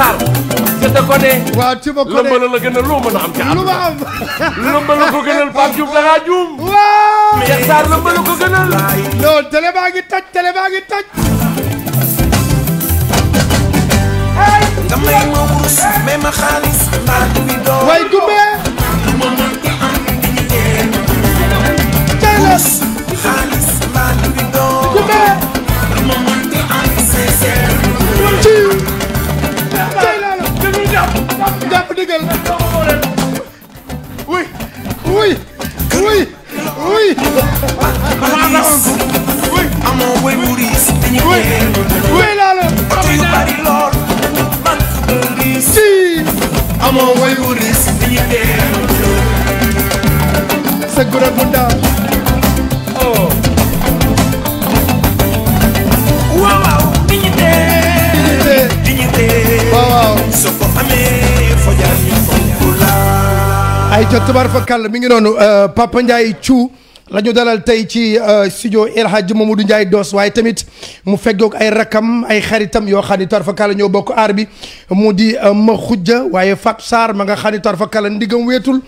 Sarr c'est de côté. waaw ci ma côté lëmbala la gën a loo mën a am. ca lu ma am lëmbala ko gënal Pape Diouf da ngaa juum. waaw Cheikh Sarr lëmbala ko gënal. non télé baa ngi toj télé baa ngi toj. nga may ma wurus may ma xaalis mbaa dubi doon. way gumbee. ma mënta am dignité. wurus xaalis mbaa dubi doon. gumbee. ma mënta am sincère. jàpp ndigal oui oui oui oui amoo way bu riis oui oui laa la oto yu bari lool man ku dul riis si amoo way bu riis dañuy dee sa gura bu ndaw oh waaw waaw dignité dignité waaw soo ko amee foo jaar ñu fonk la ay jot tubaar fa kàll mi ngi noonu euh, Papa Ndiaye Thiou la ñu dalal tey ci euh, studio El Hadj Mamadou Ndiaye doos waaye tamit mu feggoog ay rakam ay xaritam yoo xam ni tarfakala ñoo bokk aar bi di euh, ma xujja waaye Fatou Sarr ma nga xam ni tarfakala ndigam weetul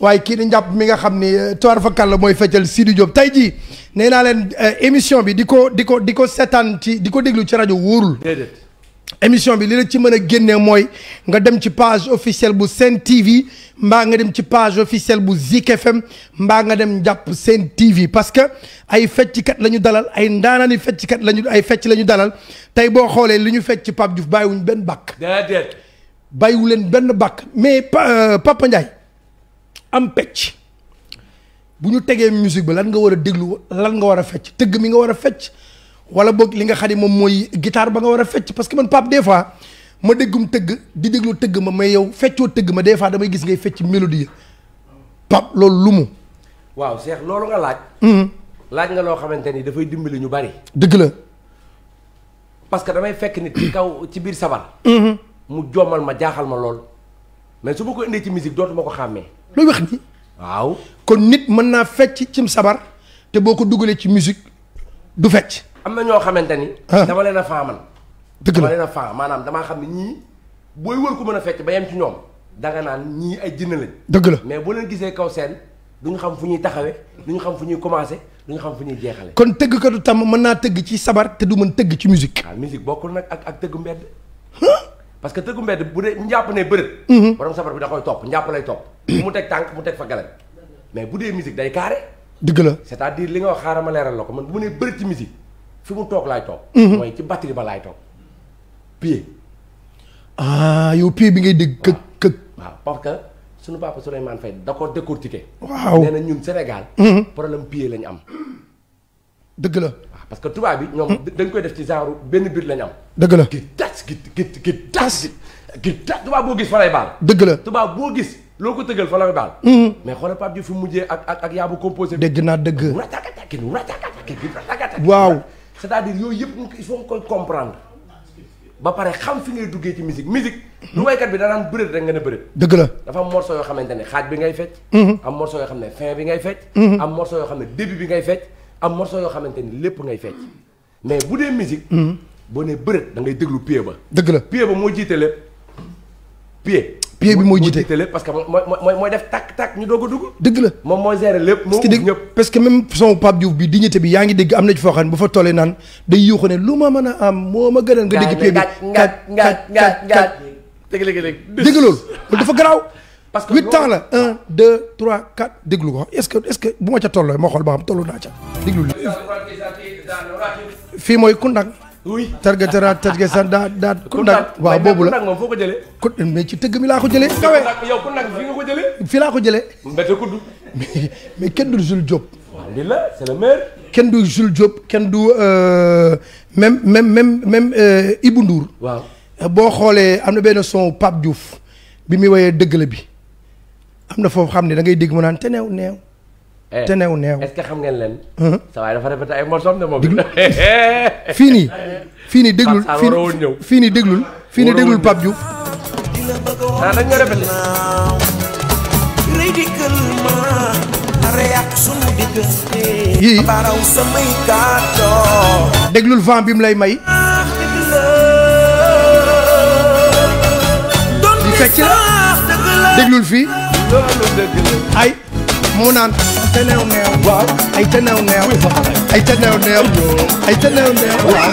waaye kii di njàpp mi nga xam ni tarfakala mooy feccal Sidi Diop tey ji nee naa leen émission bi di ko di ko di ko seetaan ci di ko déglu ci rajo wóorul. émission bi li la ci mëna a moy nga dem ci page officielle bu Sen TV mba nga dem ci page officielle bu Zik FM mbaa nga dem jàpp Sen TV parce que ay fecc kat lañu dalal ay ndaanaani fecc kat lañu ay fecc lañu dalal tay bo xolé liñu fecc ci Pape Diouf bayiwuñ ben bàkk. déedéet bàyyiwu leen ben bàkk mais euh, Papa Ndiaye am pecc buñu ñu musique ba lan nga wara a déglu lan nga wara fecc teug mi nga wara fecc. wala bok li nga xadi mom moy guitar ba nga wara a fecc parce que man Pape des fois ma deggum teug di deglu teug ma may yow feccoo teug ma des fois damay gis ngay fecc melodie pap lolou lumu waaw Cheikh lolou nga laaj. Hmm. laaj nga lo xamanteni da fay dimbali ñu bari. deug la. parce que damay fekk nit ci kaw ci biir sabar. Hmm. mu jomal ma jaaxal ma lol mais su ma ko indee ci musique dootuma mako xamé lo wax ni waaw kon nit mën fecc ci sabar te boko ko ci musique du fecc. am na ñoo xamante ni. Ah. dama leen a faa man. dëgg la dama a faa maanaam damaa xam ne ñii booy wër ko mën a fecc ba yem ci ñoom danga naan ñii ay jinn lañ. dëgg la mais boo leen gisee kaw seen du ñu xam fu ñuy taxawee du ñu xam fu ñuy commencé du ñu xam fu ñuy jeexale kon tëgg du tam mën naa tëgg ci sabar te du mën tëgg ci musique. waaw ah, musique bokkul nag ak ak tëggu mbedd. parce que tëggu mbedd bu dee njàpp ne bërët. Mhm. borom sabar bi da koy topp njàpp lay topp. Mhm. mu teg tànk mu teg fa galan mais bu dee musique day carré. dëgg la cest li nga wax xaaral ma leeral la ko man bu mu fi mu toog laay toog. Mhm. mooy ci batterie ba laay toog pied. ah yow pied bi ngay dëgg këk këk waaw parce que sunu papa Souleymane Faye da ko décortiquer. waaw nee na ñun Sénégal. Mhm. problème pied lañ am. dëgg la. waaw parce que tubaab bi ñoom mhm. dañ koy def ci genre benn biir lañ am. dëgg la gi tas gi gi tubaab boo gis fa lay baal. dëgg la tubaab boo gis loo ko tëggal fa lay baal. mais xoolal Pape Diouf fi mujjee ak ak yaabu composé. dégg naa dëgg. waaw. c'est-à-dire yooyu yëpp il faut nga koy comprendre ba pare xam fi ngay duggee ci musique musique lu waykat bi danaan bëreet rek nga ne bëreet dëgg la dafa am yoo xamante ni xaaj bi ngay fecc mhm. am morceau yoo xam ne fin bi ngay fecc mhm. am morceau yoo xam ne début bi ngay fecc am yoo xamante ni lépp ngay fecc mais bu dee musique mhm. boo nee bëreet da ngay déglu pied ba dëgg la pied ba moo jiite lépp pied pied bi mooy jiite parce que mooy mooy def tàkk tàkk ñu doog a dugg. dëgg la moom mooy gérer lépp. moom ñëpp parce que même son Pape Diouf bi dignité bi yaa ngi dégg am na ci foo xam ne bu fa tollee naan day yuuxu ne lu ma mën a am moo ma gënal. nga dégg pied bi ngaaj dégg dégg loolu dafa garaaw. parce que huit ans la un deux trois quatre déglu ko est-ce que est-ce que bu ma ca tolloo moo xool ba xam tollu naa ca déglu. fii mooy Koundang. oui targa tara targa san daa daa ku nag waaw boobu la moom foo ko jëlee ku ci tëgg mi laa ko jëlee kawe yow nag fi nga ko jëlee fi laa ko jëlee mbete kudd mais mais kenn du Jules Diop kenn du Jules Diop kenn du euh, même même même même euh, Ibou Ndour waaw boo xoolee am na benn son Pape Diouf bi muy woyee dëgg la bi am na foofu xam ne da ngay dégg mu naan te neew neew Eh, te new neew ay fii nii fii nii déglul fii nii déglul fii ah, nii déglul vent bi mu lay may. di fecc la déglul fii ay. mu naan tenew neew waaw ay tenew neew ay tenew neew ay tenew neew waaw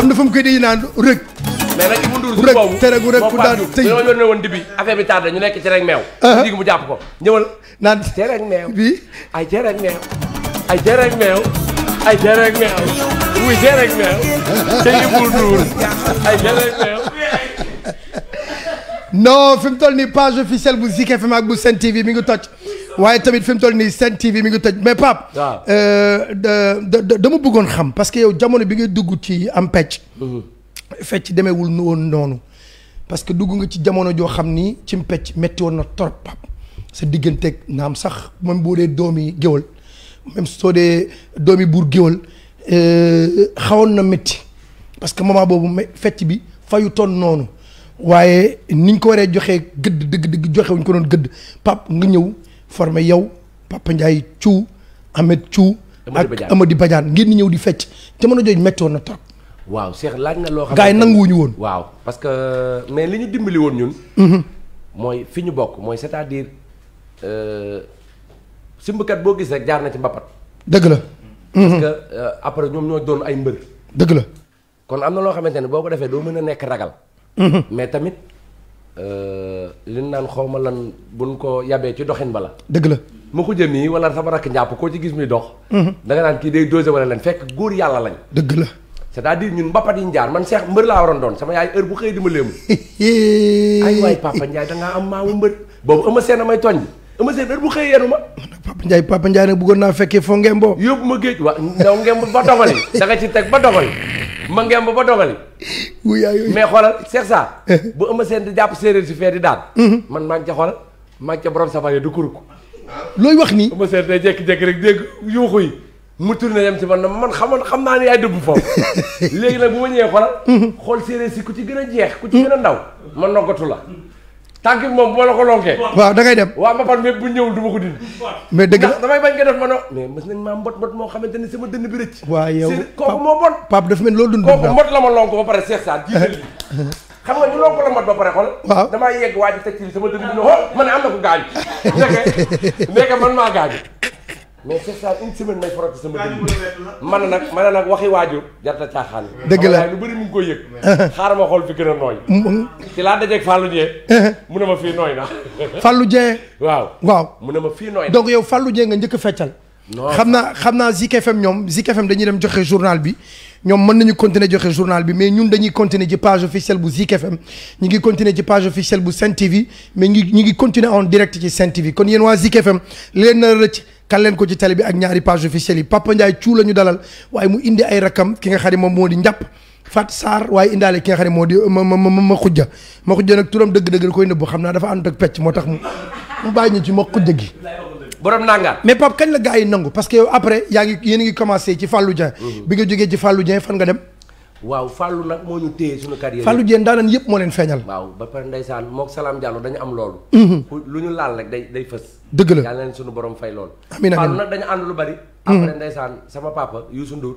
am na fu mu koy di naan rëg mais nag Ibou Ndour rek tere gu rek ku daan tëj dañoo yónnee woon dibi affaire bi tardé ñu nekk ci rek meew ah. digi mu jàpp ko ñëwal naan cere ak meew bi ay cere ak meew ay cere ak meew ay cere ak meew wuy cere ak meew te Ibou Ndour ay cere ak meew non fi mu pas nii page officielle bu Zik FM ak bu Sen TV mi ngi toj waaye tamit fi mu toll nii Sen TV mi ngi toj mais ah. euh, de de dama bëggone xam parce que yow jamono bi ngay dugg ci am pecc. Mhm. fecc wul non noonu. parce que dugg nga ci jamono jo xam ni ci pecc metti woon na trop Pape sa digganteeg naam sax même bo dé domi gëwol. même dé domi bour gëwol euh xawon na metti. parce que moment bobu fecc bi fayu non non. waye niñ ko waree joxee gëdd dëgg dëgg joxe wuñ ko non gëdd pap nga ñëw formé yow Papa ndjay ciu Ahmed ciu amadi badian ngeen di ñëw di fecc mëna joj metto na top waaw Cheikh laaj na lo xam gaay yi nanguwuñu woon waaw parce que mais liñu dimbali woon ñun hmm moy fiñu bok moy c'est-à-dire euh simbu kat bo gis rek jaar na ci mbappat deug la parce mhm. que euh, après ñom ñoo doon ay mbeur deug la kon amna lo loo boko defé do mëna nek ragal mais tamit euh, li naan xaw ma lan buñ ko yabee ci doxin bala dëgg la ma ko jëm nii wala sama rakk njàpp koo ci gis muy dox. Mm-hmm. da nga naan kii day dosé wala leen fekk góor yàlla lañ. dëgg la. c'est-à-dire ñun mbapat yi njaar man seex mbër laa waroon doon sama yaay heure bu xëy di ma léemu. ay waay papa Ndiaye da ngaa am maamu mbër boobu ëmma seen a may tooñ. Eumeu Sène heure bu xëyee yenu ma. Papa Ndiaye Papa Ndiaye nag bëggoon naa fekkee foo ngembo. yóbbu ma géej waaw ndaw ngemb ba dogali da nga ci teg ba dogali ma ngemb ba dogali. wuyaay yooyu mais xoolal Cheikh Sarr. Eh. bu Eumeu Sène di jàpp séeréer si fee di daan. Mm-hmm. man maa ngi ca xoolal maa ngi ca borom safari du kuruk. looy wax nii. Eumeu Sène day jékki-jékki rek dégg yuuxu yi mu tourné dem si man na man xamoon xam naa ne yaay dëbb foofu léegi nag bu ma ñëwee xoolal. Mm-hmm. xool séeréer si ku ci gën a jeex ku ci gën a ndaw man noggatu la tànk bi moom boo la ko lonkee. waaw da ngay dem. waaw ma par mais bu ñëwul du ko dindi. mais dëgg la damay bañ nga def ma no mais mës nañ maa mbot mbot moo xamante ne sama dënn bi rëcc. waaw yow kooku moo bon. Pape dafa mel loolu dund. kooku mbot la ma lonk ba pare seet saa jiital li xam nga ñu ba pare xool. waaw damaa yegg waa ji sama dënn ne xool ma ne am na ko gaañu. nekk man maa gaañu. mais c'est ça une semaine may forote sama dëgg man na nag man na nag waxi waajur jarta caaxaan dëgg la lu bëri mu ngi koy yëg xaaral ma xool fi gën a nooy mm-hmm. ci laa waaw waaw mu ne ma fii nooy yow Fallou Dieng nga njëkk a feccal xam naa xam naa Zik FM ñoom Zik FM dañuy dem joxe journal bi ñoom mën nañu continuer joxe journal bi mais ñun dañuy continuer ci page officielle bu Zik ñu ngi continuer ci page officielle bu Sen TV mais ñu ngi ñu ngi continuer en direct ci Sen TV kon yéen waa Zik FM leen na rëcc kan leen ko ci télé bi ak ñaari page officielle yi Papa Ndiaye la ñu dalal waaye mu indi ay rakam ki nga xam moo di njàpp Fat Sarr waaye indaale ki nga xam ne moo di ma ma ma xujja ma xujja nag turam dëgg-dëgg la koy nëbbu xam naa dafa ànd ak pecc moo tax mu mu bàyyi ñu ci ma xujja gi. mais Pape kañ la gaa yi nangu parce yow après yaa ngi yéen a ngi commencé ci Fallou mhm. bi nga jógee ci Fallou fan nga dem. waaw fallu nak mo ñu téé suñu carrière fallu jeen daanaan yëpp mo leen feñal waaw ba par ndeysaan mok Salam Diallo dañu am lool mhm. lu ñu laal rek day day fess deug la yalla leen suñu borom fay lool amiin amiin Fallou nag dañu lu bari mhm. après ndeysaan sama papa Youssou Ndour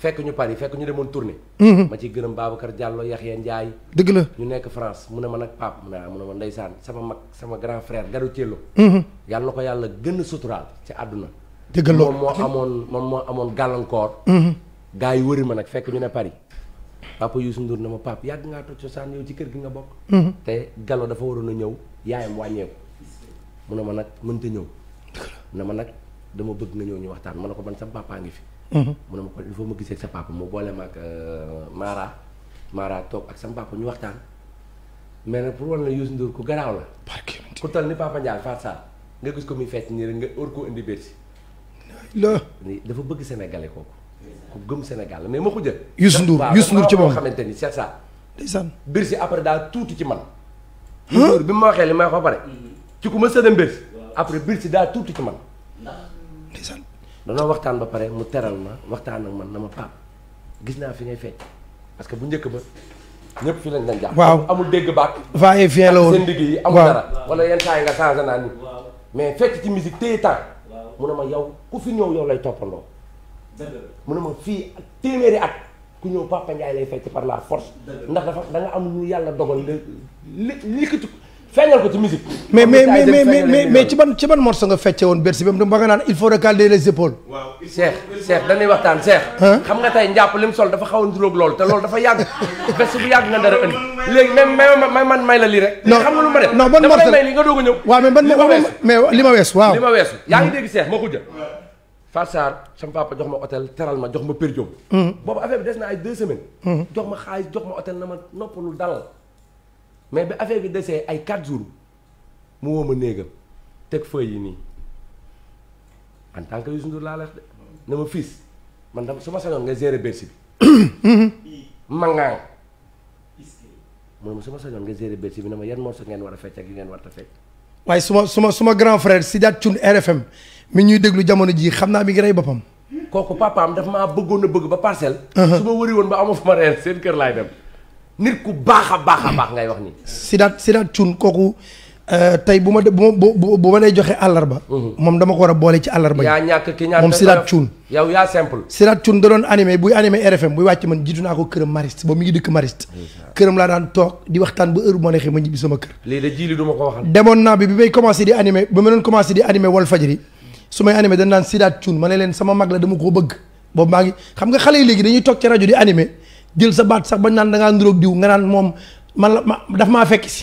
fekk ñu Paris fekk ñu demone tourner mhm. ma ci gëreum babakar Diallo yahya ndjay deug la ñu nekk France mu ne ma nak pap mu ne ah, mu ne ma sama mak sama grand frère garu Thiello yalla ko yalla gën sutural ci aduna deug la moom moo amoon moom moo amoon wëri ma nak fekk ñu ne Paris papa Youssou Ndour na ma pap yàgg ngaa toj cosaan yow ci kër gi nga bokk. Mhm. te Gallo dafa waroon a ñëw yaayam wàññeeku. mu ne ma nag mënta ñëw. na ma nag dama bëgg nga ñëw ñu waxtaan ma ne ko man sa papa ngi fi. Mhm. mu ne ma ko il faut ma gisee sa papa mu boole ma ak euh, Mara Mara toog ak sa papa ñu waxtaan. mais nag pour wan la Youssou Ndour ku garaaw la. ku toll ni Papa Ndiaye Fatou Sall nga gis ko muy fecc nii rek nga war koo indi bési. la dafa bëgg sénégalais ku gëm Sénégal mais ma xuja Youssou Ndour su Ndour ci moom xamante ni c'est ça ndeysaan Bercy après daal tuuti ci man Youssou Ndour bi ma waxee li may wax ba pare ci ku ma sëdam après Bercy daal tuuti ci man ndeysaan danoo waxtaan ba pare mu teral ma waxtaan ak man na ma pap gis naa fi ngay fecc parce que bu njëkk ba ñëpp fi lañ leen jàpp waaw amul dégg baat va et vient la woon seen digg wala yenn saa yi nga changé naa nit mais fecc ci musique téye temps mu ne ma yow ku fi ñëw lay toppandoo mu ne ma fii ak téeméeri at ku ñëw Papa Ndiaye lay fekk par la force. ndax dafa da am lu yàlla dogal li li ko feeñal ko ci musique. mais mais mais mais ci ban ci woon Bercy naan il waxtaan Cheikh. xam nga tey njàpp lim sol dafa xaw a nduróog loolu te loolu dafa yàgg. man may la lii rek. xam nga lu ma def a ñëw. waaw mais mais li ma wees waaw. li ma weesu yaa ngi hmm. dégg Cheikh moo ko Farsar sama papa jox ma hôtel teral ma jox ma per diem. Hmm. boobu affaire bi des na ay deux semaines. Hmm. jox ma xaalis jox ma hôtel na ma noppalu dalal. mais bi affaire bi desee ay quatre jours mu woo ma néegam teg feuille yi nii en tant que Youssou Ndour laa leex de na ma fils man dama su ma sañoon nga gérer Bercy bi. Hmm. mangaan moom su ma sañoon nga gérer Bercy bi na ma ngeen war a fecc ak yi ngeen war a fecc. waaye suma suma suma grand frère Sidiate Thioune RFM mi ñuy déglu jamono jii xam naa mi ngi rey boppam. kooku papaam daf maa bëggoon a bëgg ba parcelle. Uh-huh. su ma wëri woon ba amoo fa ma reer seen kër laay dem. nit ku baax a baax a baax ngay wax ni Sidaat Sidaat Thioune kooku uh, tey bu ma de bu ma bu ma lay joxe àllarba. Uh-huh. moom dama ko war a boole ci àllarba yi. yaa ñàkk ki ñàkk moom Sidaat Thioune. yow yaa simple. Sidaat Thioune da doon buy animé RFM buy wàcc man jiitu naa ko këram Mariste ba mu ngi dëkk Mariste. këram laa daan toog di waxtaan ba heure bu ma neexee ma ñibbi sama kër. léegi de commencé di animé ba ma doon su may animé dañ naan Sidaat Thioune ma ne leen sama mag la dama koo bëgg boobu maa ngi xam nga xale yi léegi dañuy toog ci rajo di animé jël sa baat sax ba naan da ngaa nduróog diw nga naan moom ma la ma daf maa fekk si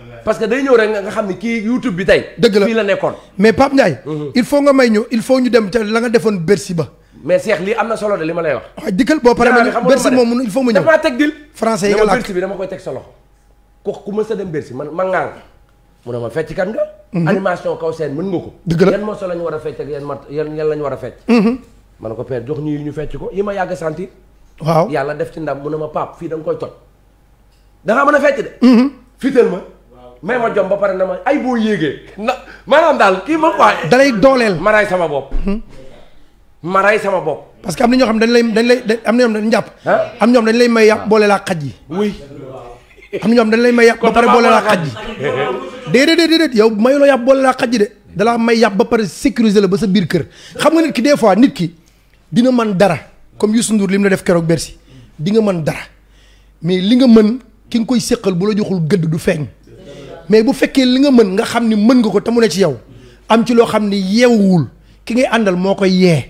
parce que day ñëw rek nga xam ni YouTube bi tey. dëgg la fii la nekkoon. mais Pape Ndiaye. Mhm. il faut nga may ñu il faut ñu dem ca la nga defoon Bercy ba. mais Cheikh lii am na solo de li ma lay wax. waaw ah, dikkal boo paree ma ñu Bercy moom il faut mu ñëw damaa teg dil. français yi nga làkk Bercy bi dama koy teg sa loxo. ku ku mës a dem Bercy man ma ngaa nga. mu ne ma fecc kan nga. Mhm. animation kaw seen mën nga ko. dëgg la yan morceau la ñu war a fecc ak yan mat yan yan la fecc. Mhm. ma ko père jox ñu ñu fecc ko yi ma yàgg waaw yàlla def ci ndam mu ne ma Pape fii koy toj. da ngaa mën fecc de. fital ma may ma jom ba pare na ma ay boo yéegee na maanaam daal kii ma quoi. dalay dooleel ma sama bopp. Hmm? ma ray sama bopp. parce que am na ñoo xam dañ lay dañ lay am na ñoom dañ jàpp. am ñoom dañ lay may yàpp boole laa xaj yi. oui. ñoom dañ lay may yàpp ba pare boole laa xaj yi. déedéet déedéet yow mayuloo yàpp boole laa xaj yi de. dalaa may yàpp ba pare sécuriser la ba sa biir kër xam nga nit ki des fois nit ki dina mën dara comme Youssou Ndour li mu la def keroog bersi di nga mën dara mais li nga mën ki nga koy séqal bu la joxul gëdd du feeñ mais bu fekkee li nga mën nga xam ni mën nga ko te mu ne ci yow am ci loo xam ni yeewuwul ki ngay àndal moo koy yee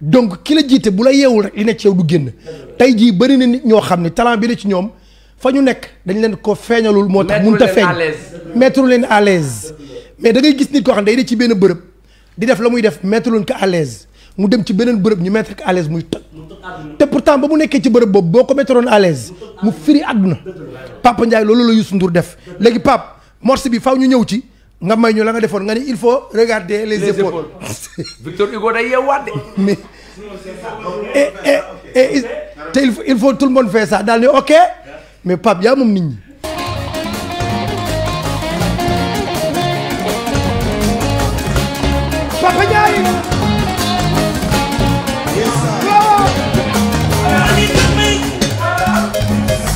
donc ki la jiite bu la yeewul rek li ne ci yow du génn tey jii bari na nit ñoo xam ne talent bi la ci ñoom fa ñu nekk dañ leen ko feeñalul moo tax mënut a feeñ mettre leen à l'aise mais da ngay gis nit koo xam ne day de ci benn bërëb di def la muy def mettre leen ko à mu dem ci benen bërëb ñu mettre ko à l'aise muy toj té pourtant ba mu nekkee ci bërëb boobu boko ko mettroon à l'aise mu firi aduna Papa ndjay loolu la Youssou Ndour def légui pap morceau bi faaw ñu ñëw ci nga may ñu la nga defoon nga ni il faut regarder les épaules Victor Hugo da yewade mais et et et il faut tout le monde fait ça dal ni ok mais pap ya moom nit ñi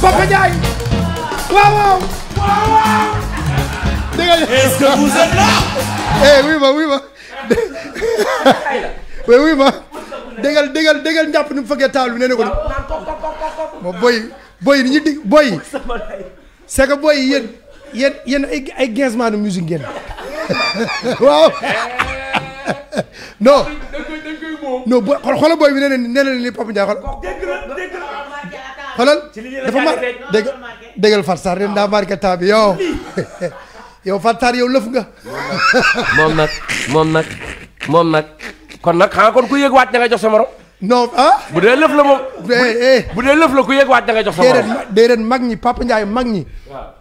Papa Ndiaye. waaw waaw. waaw waaw. dégg eh, ma oui ma. oui oui ma. dégal dégal dégal njàpp ni mu fëggee taal bi nee na ko. moom ni ñu di booy. c'est que booy yéen yéen yéen ay ay guincement de musique ngeen. waaw. non dañ koy dañ koy booy bi nee na nee na li Papa Ndiaye xool. dégg na dégg na. dafa mar dégg déggal Fatou Sarr ren daa marqué temps bi yow. yow Fatou Sarr yow lëf nga. moom nag moom nag moom nag. kon nag xanaa kon ku yéeg waat da jox sa morom. non ah. bu dee lëf la moom. Eh, eh. bu dee lëf la ku yéeg waat da nga jox sa morom. déedéet mag ñi Papa njaay mag ñi. waaw.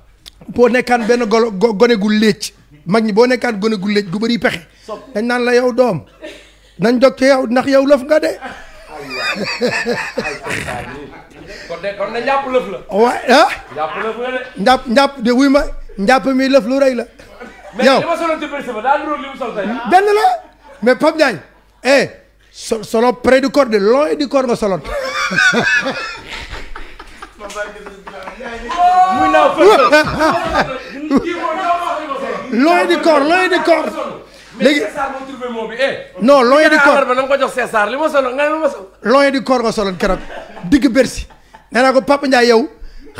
boo nekkaan benn golo gone gu lécc mag ñi boo nekkaan gone gu lécc gu bëri pexe dañ naan la yow doom nañ dog ci yow ndax yow lëf nga de. kon de de la. waaw ah. njàpp lëf la wuy ma njàpp mi lëf lu rëy la. yow benn la mais Pape Ndiagne. eh solo près du corps de loin du corps nga solon muy naaw loin du corps loin du corps. léegi eh. non loin du corps ba na ko jox César li ma solo nga ma solo loin du corps nga soloon keroog digg Bercy nee naa ko Papa Ndiaye yow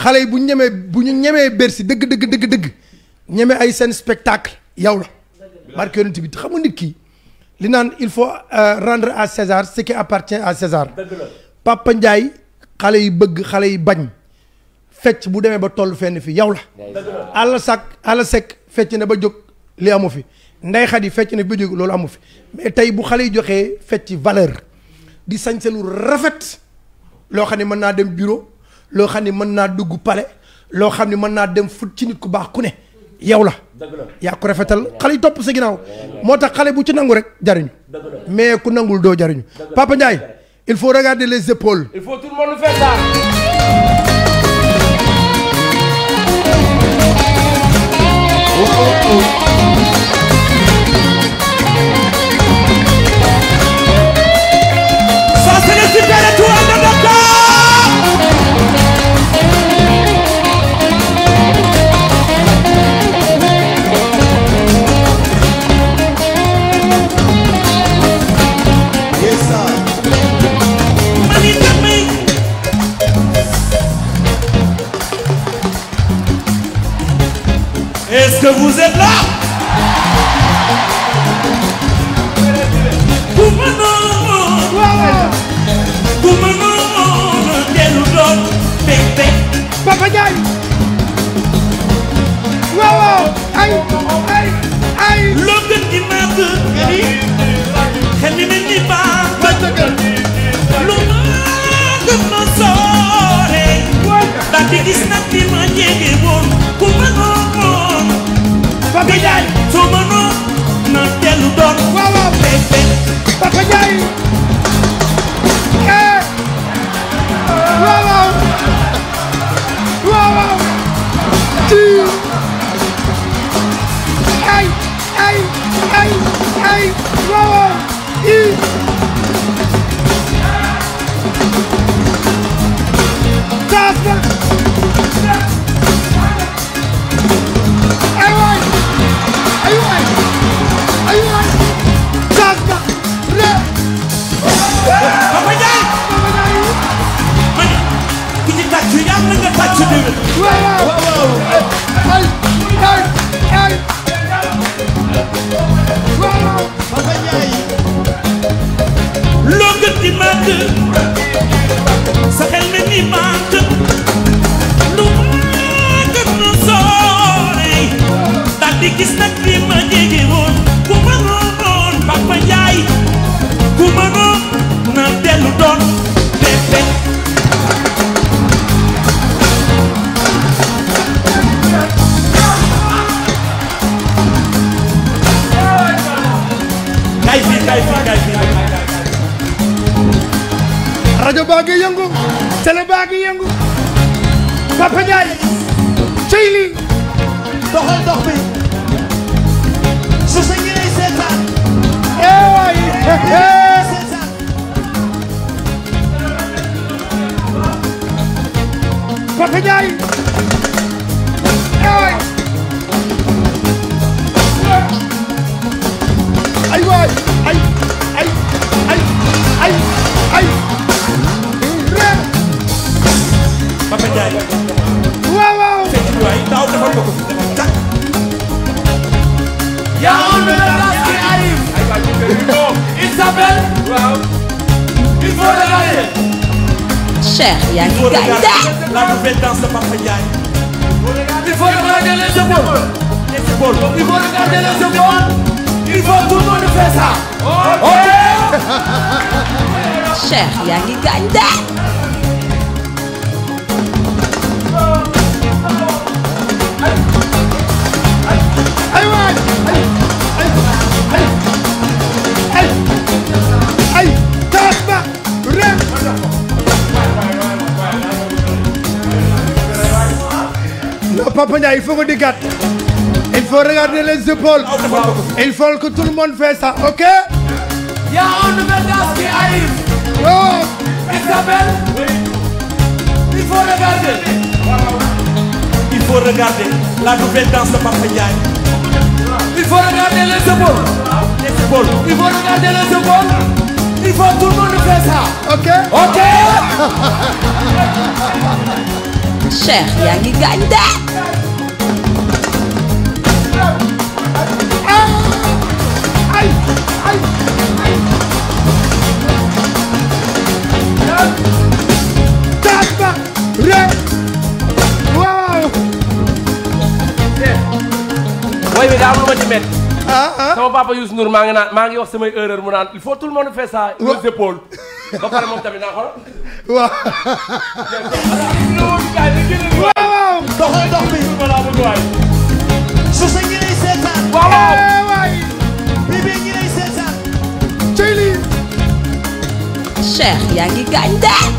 xale yi bu ñu ñemee bu ñu ñemee Bercy dëgg dëgg dëgg dëgg ñeme ay seen spectacle yow la barke yonent bi xam nga nit ki li naan il faut euh, rendre à César ce qui appartient à César Papa Ndiaye xale yi bëgg xale yi bañ fecc bu demee ba tollu fenn fi yow la àll sàkk àll sekk fecc na ba jog li amu fi ndey xadi yi fecc na ba jóg loolu amu fi mais tay bu xale yi joxee fecc valeur di sañselu rafet lo xam ne mën naa dem bureau lo xam ne mën naa dugg palais lo xam ne mën naa dem foot ci nit ku bax ku ne yow la yaa ko rafetal xali top topp sa ginnaaw moo tax xale bu ci nangu rek jariñu mais ku nangul do jariñu Papa Ndiaye il faut regarder les épaules il faut tout le monde faire ça oh, que vous êtes là. Gouvernement, gouvernement, dellu doon bébé. Papa Ndiaye. waaw waaw ay ay ay. loo gën di naat xel yi xel yi mel ni baax. lu ma gën a sooree. daal di gis nag ni ma njëgee woon. Papagaï, son maman, non, tel ou d'autre. Voilà, bébé. Papagaï. Voilà. Voilà. Tu. Aïe, aïe, aïe, aïe. Voilà. épaules. Il faut que tout le monde fasse ça, ok? Il y a un nouvelle danse qui arrive. Oh. Il Il faut regarder. Il faut regarder la nouvelle danse de Papa Il faut regarder les épaules. Les épaules. Il faut regarder les épaules. Il faut tout le monde faire ça. Ok. Ok. il y a gaañ de. demee daa am lu ma ci métti. Ah, ah sama papa Youssou Ndour maa ngi naan maa ngi wax samay erreur mu naan il faut tout le monde fait ça. waaw les épaules. ba pare moom tamit naa xool. waaw. waaw. dox dox bi. su sa ñi lay seetaan. waaw eh, waay. bii bii ñi lay seetaan. cëy lii. Cheikh yaa ngi gaañ de.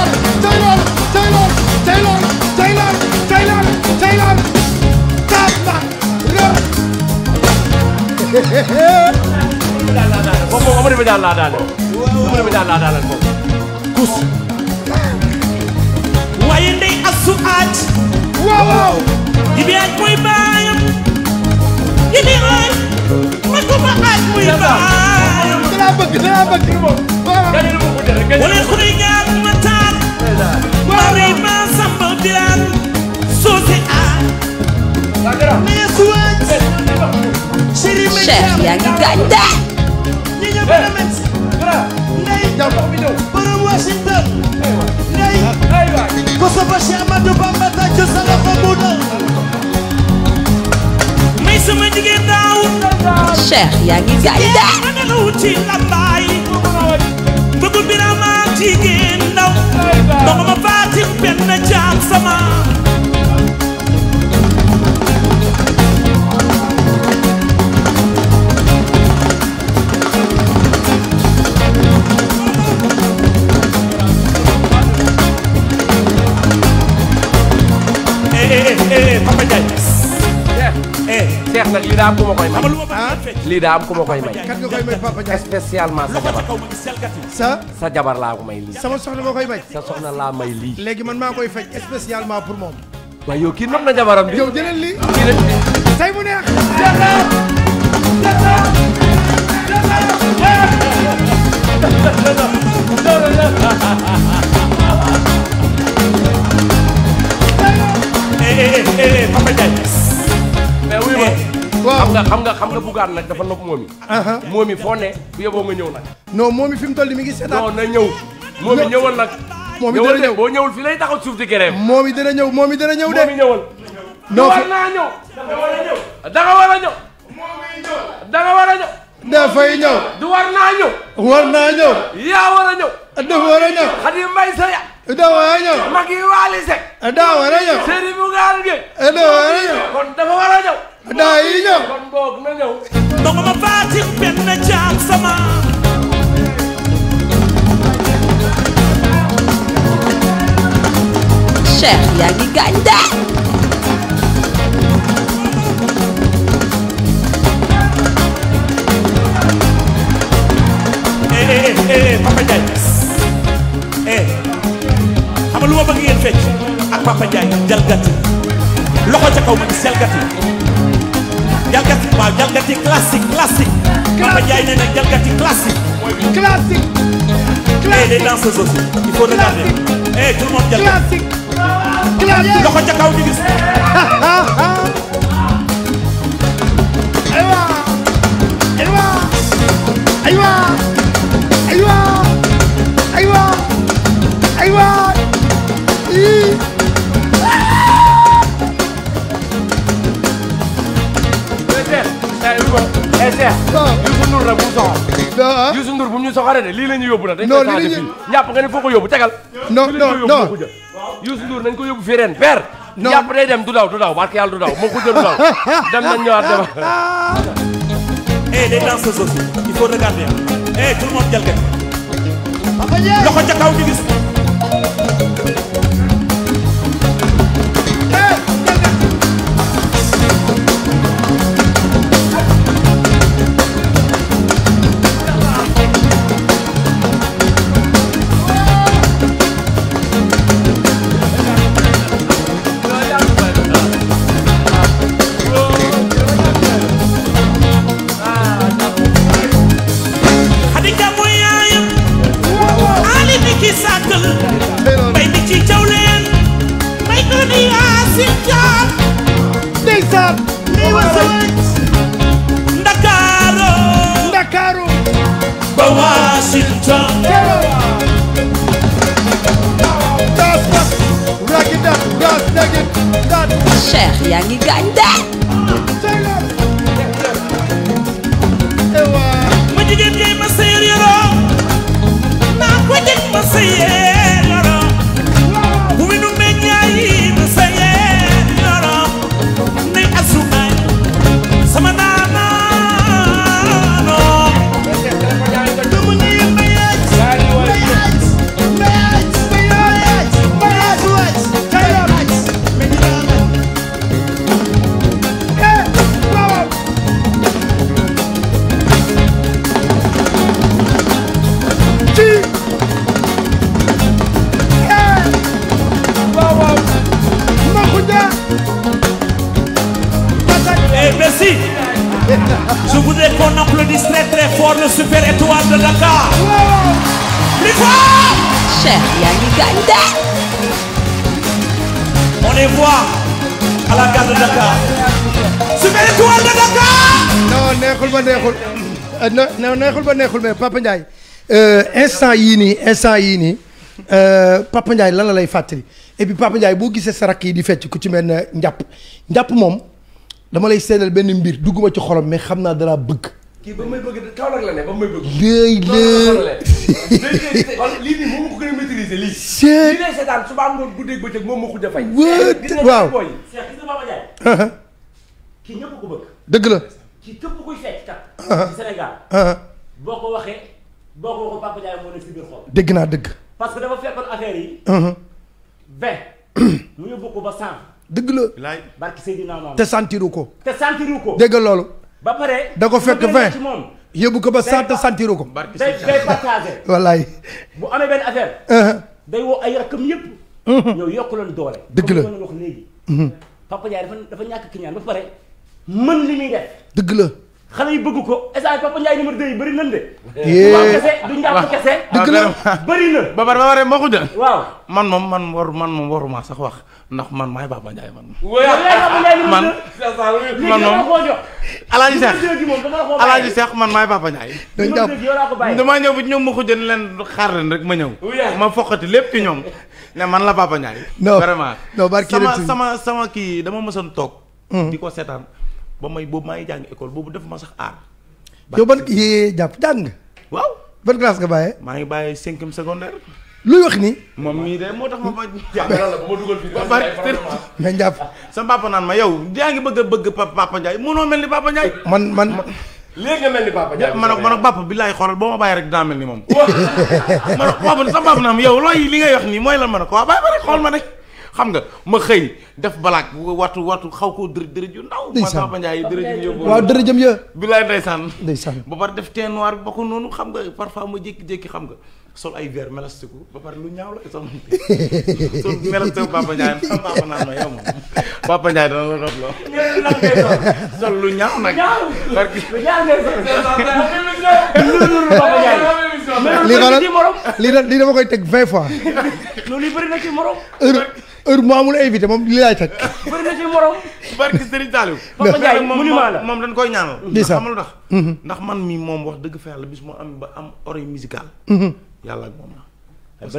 Taylor, Taylor, Taylor, Taylor, Taylor, Taylor, Taylor, Taylor. moom moom amuñu fa daan laa daane. amuñu fa daan laa daane moom. kus. waaye ndey asu aaj. waaw waaw. di bi aaj mooy baayam. di bi aaj. ma ko ma aaj muy baayam. danaa bëgg danaa bëgg. wala su dee ñaar. Cheikh yaa ngi du birama jigéen ndaw donc ma fatim benn jaam sama Papa Ndiaye Seex nag lii daa am ku ma koy may. Ah? lii daa am ku ma koy may. kat nga koy may Papa Ndiaye spécialement sa jabar. sa sa jabar laa ko may lii. sama soxna moo koy may. sa soxna laa may lii. léegi man maa koy faj spécialement pour moom. waaye yow kii nopp na jabaram bi. yow jëlal lii kii la say mu neex. jabar jabar jabar nga xam nga xam nga bugaan nag dafa nopp moom yi uh-huh. moom yi foo ne bu yeboo nga ñëw nag non moom yi fi mu toll mi ngi seetaan non na ñëw moom yi ñëwal nag moom yi dana ñëw boo ñëwul fi lay taxaw suuf di grève moom yi dana ñëw moom yi dana ñëw de moom yi ñëwal non war naa ñëw dafa war a ñëw dafa war a ñëw moom yi ñëw dafa war a ñëw dafay ñëw du war naa ñëw war naa ñëw yaa war a ñëw dafa war a ñëw xadi mbay sa ya dafa war a ñëw mag yi waali sek daa war a ñëw sëriñ bugaan gi dafa war a ñëw kon dafa war a ñëw daa yi ñëw kon boog na ñëw danga ma faati benn jaam sama Cheikh yaa ngi gaañ de eh, eh, eh, eh Papa Ndiaye eh xam nga ma bëgg ngeen fecc ak Papa Ndiaye jalgati loxo ca kaw ma jalgati jalgati waaw jalgati classique classique. classique classique. classique. eh les danseuses aussi il faut regarder. eh tout le monde classique. classique mais Cheikh. Youssou Ndour nag bu mu soxal. Youssou bu mu ñu soxalee de lii la ñu yóbbu nag. non lii la ñuy ñàpp nga ne foo ko yóbbu tegal. non non non Youssou ko yóbbu fii ren père. non ñàpp dem du daw du daw barke yàlla du daw moo ko jël du daw dem nañ ñëwaat dem. eh les danseuses aussi il faut regarder eh tout le monde jël kenn. loxo kaw ñu neexul ba neexul mais Papa Ndiaye euh, instant yii nii instant yii nii euh, Papa Ndiaye la lay fàttali et puis Papa boo gisee sa rakk yi di fecc ku ci mel ne njàpp njàpp moom dama lay seedal benn mbir dugguma ci xolam mais xam naa dara bëgg. kii ba may bëgg moom ko gën a waaw uh-huh. dëgg la. ci képp kuy ah. ah. boo ko waxee boo ko waxee Papa Ndiaye moo ne dégg naa dégg parce que dafa fekkoon affaire yi. Uh-huh. vingt. mu yóbbu ko ba cent. dëgg la. laay barki Seydina Mohamed. te sentiru ko. te sentiru ko. dégg loolu. ba pare. da ko fekk vingt yóbbu ko ba cent te sentiru ko. barki day day partagé. wallaay. bu amee benn affaire. Uh-huh. day woo ay rakkam yëpp. Uh-huh. ñëw yokk leen doole. dëgg la comme dafa dafa ñàkk ki ba pare. man li muy def deug la xalé yi bëgg ko est-ce papa ñay numéro 2 yi bari nañ de waaw kessé du njàpp kessé dëgg la ah, bëri na ba pare ba pare moo jël waaw man mom man war man mom waruma sax wax ndax man may papa ñay man man man mom alaaji sax alaaji sax man may papa ñay dañ jàpp dama ñëw bu ñoom mako ko jël leen xaar leen rek ma ñëw ma foqati lépp ci ñom ne man la papa ñay vraiment non sama sama sama ki dama mësoon tok hmm. diko sétane ba may boobu may jang école bobu def ma sax aar. yow ban ki japp jang waw ban classe nga baye ma ngi baye 5e secondaire. lu wax ni. mom mi de motax ma ba. jàng la ba ma dugal fi ba pare nga jàpp. sa papa nan ma yow yaa ngi bëgg bëgg papa Ndiaye mënoo mel ni papa Ndiaye. man man. léegi melni papa Ndiaye. man ak man ak papa billahi xoral xoolal boo ma bàyyi rek da melni mom man ak papa sa papa naan yow loy li ngay wax ni moy lan man ko baye rek xol ma rek xam nga ma xey def balak, watu watu xaw ko dir dir ju ndaw masa ba njaay dërëjëm yóbbu waaw jam ya billahi ndaysan ndaysan ba par def teint noir ba ko noonu xam nga parfois ma jékki-jékki xam nga sol ay verre melastiku ba par lu ñaaw la sol melastiku papa njaay xam papa naan ma yow papa njaay da la rob sol lu ñaaw nag parce que lu ñaaw ngay sol lu li nga li dama koy teg 20 fois. loolu yu na ci morom. heure mu amul invité moom li laay teg. bëri na ci morom. barke Serigne Saliou. Papa Ndiaye moom dañ koy ñaanal. Mhm. ndax. man mi moom wax dëgg fa yàlla bis mu am ba am oreille musicale. Mhm. yàlla ak moom la. parce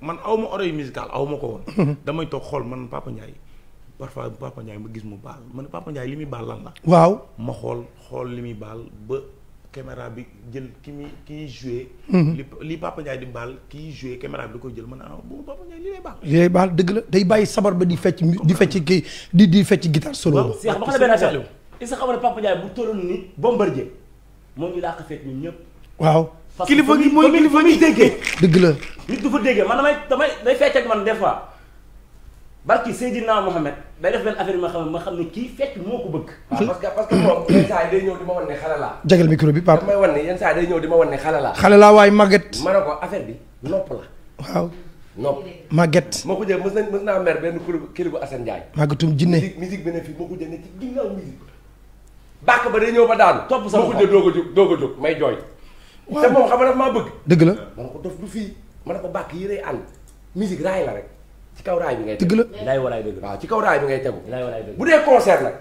ma oreille musicale aw ma ko woon. Mhm. damay toog xool man parfois Papa ma gis mu baal man Papa Ndiaye li muy baal lan la. waaw ma xool xool li muy baal ba. caméra bi jël ki muy kiy joué. Mhm. li Papa Ndiaye di bal ki jouer caméra bi ko koy jël mën naa ah, bu Papa Ndiaye li lay baal. li lay baal deug la day bàyyi sabar ba di fecc di fecc ki di di fecc guitare solo. waaw Cheikh wax na benn affaire est-ce xam nga Papa Ndiaye bu tolloon ni Bombardier mo ñu la làq fecc ñun ñep waaw kilifa gi mooy kilifa gi déggee. deug la nit du fa déggee man damay damay day fecc ak man des fois. barki Seydina Mohamed day def benn affaire bi ma xam ne kii fekk moo ko bëgg. parce que parce que moom yenn saa yi day ñëw di ma wan ne xale laa. jagal micro ma wan ko affaire bi nopp la. màgget. moo ko jël mës nañ mës naa mer benn kuréel kilibu Assane Ndiaye. màggetum jinne musique musique ne fii moo ba day ñëw ba daanu. topp sama moom xam nga daf maa bëgg. dëgg la ma ne ko dof du ma ne ko bàkk yi day ànd musique raay la ci kaw raay bi ngay tegu dëgg la waaw ci kaw raay bi ngay tegu bu dee concert nag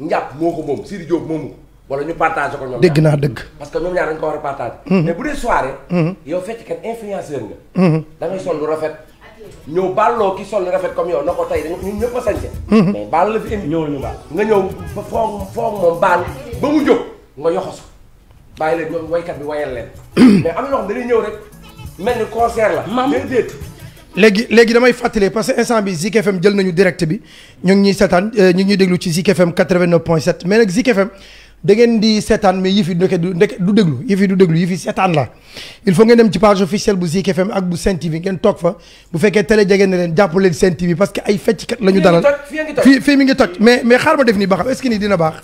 njàpp moo ko moom Sidi Diop moomu ko wala ñu partagé ko ñoom dégg naa dëgg parce que ñoom ñaar ko war a partagé mhm. mais bu dee soirée mhm. yow fekk kat influenceur nga mhm. ñëw balloo ki sol lu rafet comme yow na ko tey ñun a sañse mais baal la fi indi ñëw ñu baal nga ñëw foog foog moom baal ba mu jóg nga yoxos bàyyi leen ñoom waykat bi wayal leen mais am na ñoo xam dañuy ñëw rek mel ni concert la déedéet Les léegi damay parce que instant bi Zik FM jël nañu direct bi ñu ngi sétane euh, ñu ngi Zik FM 89.7 mais Zik FM da ngeen di sétane mais yifi fait du déglu yifi du déglu yifi sétane la il faut ngeen dem ci page officiel bu Zik FM ak bu Sen TV ngeen tok fa bu féké télé jege na jappu TV parce que ay fecckat la lañu dalal fi mi ngi mais mais xaar def est-ce que ni dina baax.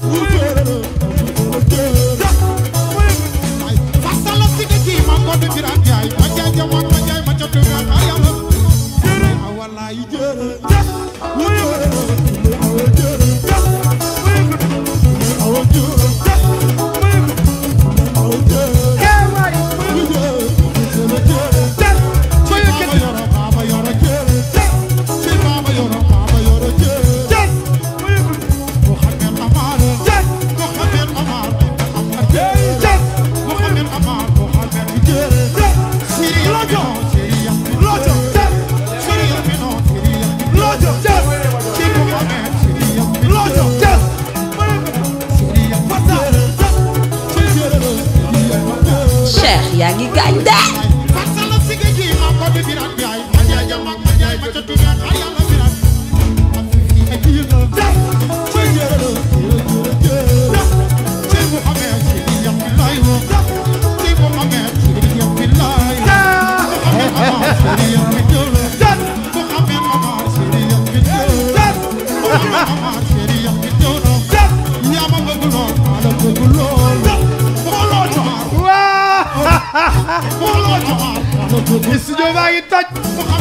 si Diop a ngi toj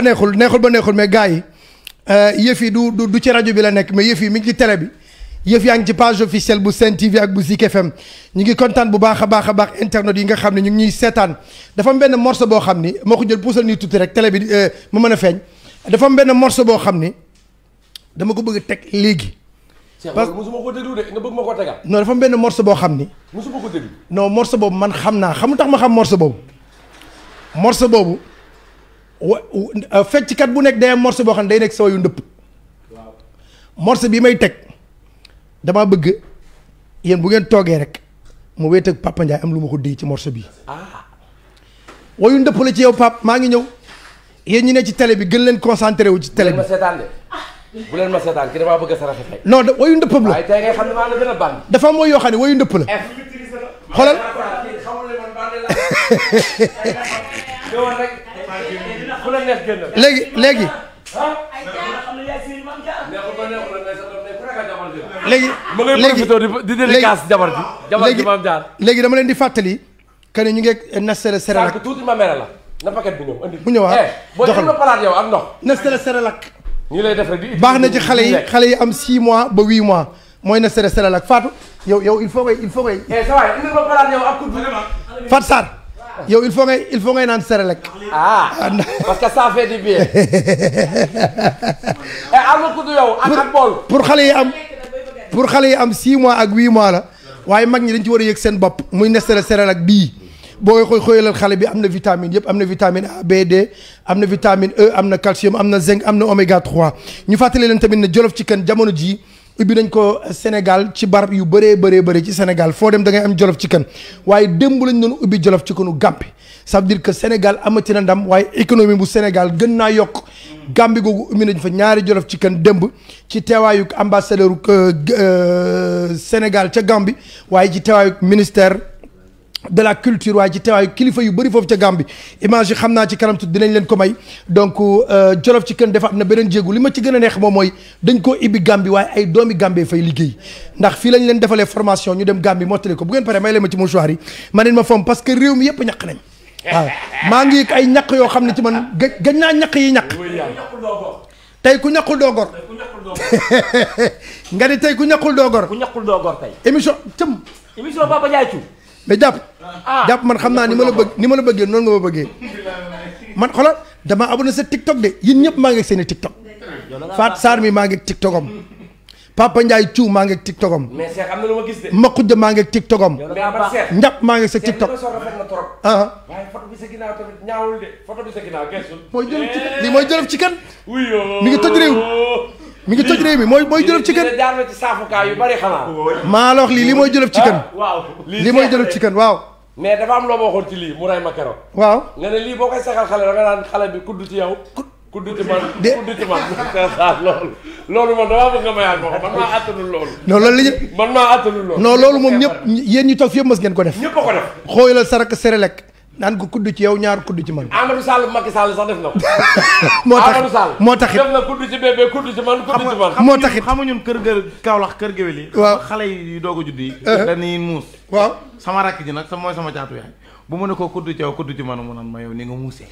ba neexul neexul ba neexul mais gars yi yëf yi du du ci bi la mais yëf yi mi ngi ci télé bi yëf ci page officielle bu TV ak bu Zik FM ñu ngi kontaan bu baax a baax a baax internet yi nga xam ne ñu ngi ñuy seetaan dafa am benn morceau boo xam ni moo ko jël puusal nii tuuti rek télé bi mu dafa am morceau boo xam dama ko bëgg a teg parce que musuma ko déglu de nga bëgg tegal. non dafa am morceau boo xam musuma ko déglu. non morceau man xamu tax ma xam morceau morceau wa fecckat bu nekk day am morceau boo xam ne day nekk sooyu ndëpp morceau bi may teg damaa bëgg yéen bu ngeen toogee rek mu wee ak Papa Ndiaye am lu ma ko ci morceau bi ah. wayu ndëpp la ci yow pap maa ngi ñëw yéen ñi ne ci télé bi gën leen concentré wu ci télé bi bu leen ma seetaan ki damaa bëgg sa rafet tey. non a bànn. dafa mooy yoo xam ne wayu ndëpp la. xoolal. léegi léegi. léegi léegi léegi léegi dama leen di fàttali. que ni ñu ngi Nestlé Cerelac. tuuti ma mere la na paquet bu ñëw andi. bu ñëwaat ah, eh, joxal ma palaat yow ak ndox. Nestlé lay def rek baax na ci xale yi xale yi am 6 mois ba 8 mois mooy Nestlé Cerelac Fatou yow yow il faut que il faut que. Yo, il faut ngay il faut ngay naan serelek ah parce que ça fait du bien. Eh, am na kudd yow ak ak bool. pour xalé yi am pour xalé yi am 6 mois ak 8 mois la Waye mag ñi dañ ci wara yek yëg seen bopp muy nestere serelek bii boo koy xoolalal xalé bi amna vitamine yep amna vitamine A B D amna vitamine E amna calcium amna zinc amna oméga 3 ñu fàttali leen tamit ne Jollof kan jamono ji ubbi nañ ko Sénégal ci barab yu bëree bëree bëri ci Sénégal foo dem da ngay am jolof ci kan waaye démb lañ doon ubbi jolof ci konu Gàmbi ça veut dire que Sénégal amati na ndam waaye économie bu Sénégal gën naa yokk Gàmbi googu ubbi nañ fa ñaari jolof ci kan démb ci teewaayu ambassadeur euh, euh, Sénégal ca Gàmbi waaye ci teewaayu ministère de la culture waaye ci teewaayu kilifa yu bëri foofu ca Gàmbi image yi naa ci kanam tuuti dinañ leen ko may donc euh, Jolof ci kën dafa na beneen jéegu li ma ci gën a neex moom mooy dañ koo ibbi Gàmbi waaye ay doomi Gàmbi fay liggéey ndax fii lañ leen defalee formation ñu dem Gàmbi mottali ko bu ngeen paree may leen ma ci mouchoir yi ma neen ma maa ngi ay ñaq yoo xam ne ci man gañ naa ñaq yi ñaq tey ku ñaqul doo gor nga ni tey ku ñaqul doo gor ku ñaqul doo gor tey émission tëm émission Papa Ndiaye mais jàpp. Ah. jàpp man xam naa ni ma la bëgg ni ma la bëggee noonu nga ma bëggee. man xoolal damaa abonné sa TikTok de yéen ñëpp maa ngi ak seen i TikTok. Faat Sarr mi maa ngi ak TikTokam. Papa Ndiaye Thiou maa ngi ak TikTokam. mais Cheikh am na lu ma gis de. Makhoudia maa ngi ak TikTokam. Ndiap maa ngi ak sa TikTok. Ah. waaye photo bi sa ginnaaw tamit ñaawul de photo bi sa ginnaaw gëstu. mooy jëlof ci kan lii mooy jëlof ci kan. mi ngi toj réew mi ngi toj réew mi mooy mooy jëlëb chicken jaar na ci saafukaay yu bari xanaa maa la wax lii lii mooy jëlëb chicken ah, waaw lii mooy jëlëb chicken waaw mais dafa am loo ma waxoon ci lii mu ray ma keroog waaw nga ne lii boo koy saxal xale da nga naan xale bi kudd ci yow kudd ci man kudd ci man loolu loolu man ma ko man maa attanul loolu loolu la ñu man maa attanul loolu loolu moom ñëpp yéen ñu toog fi yëpp mës ngeen ko def ñëpp a ko def xooyalal sa rak nan ko kudd ci yow ñaar kudd ci man Amadou Sall Macky Sall sax def na ko moo tax Amadou tax def na kudd ci bébé kudd ci man kudd ci man moo tax xamu ñun kër gër Kaolack kër gëweli xalé yi dogu juddi judd uh-huh. yi dañuy waaw sama rak ji nak sama moy sama caatu yaay bu mu ne ko kudd ci yow kudd ci man mu nan ma yow ni nga musé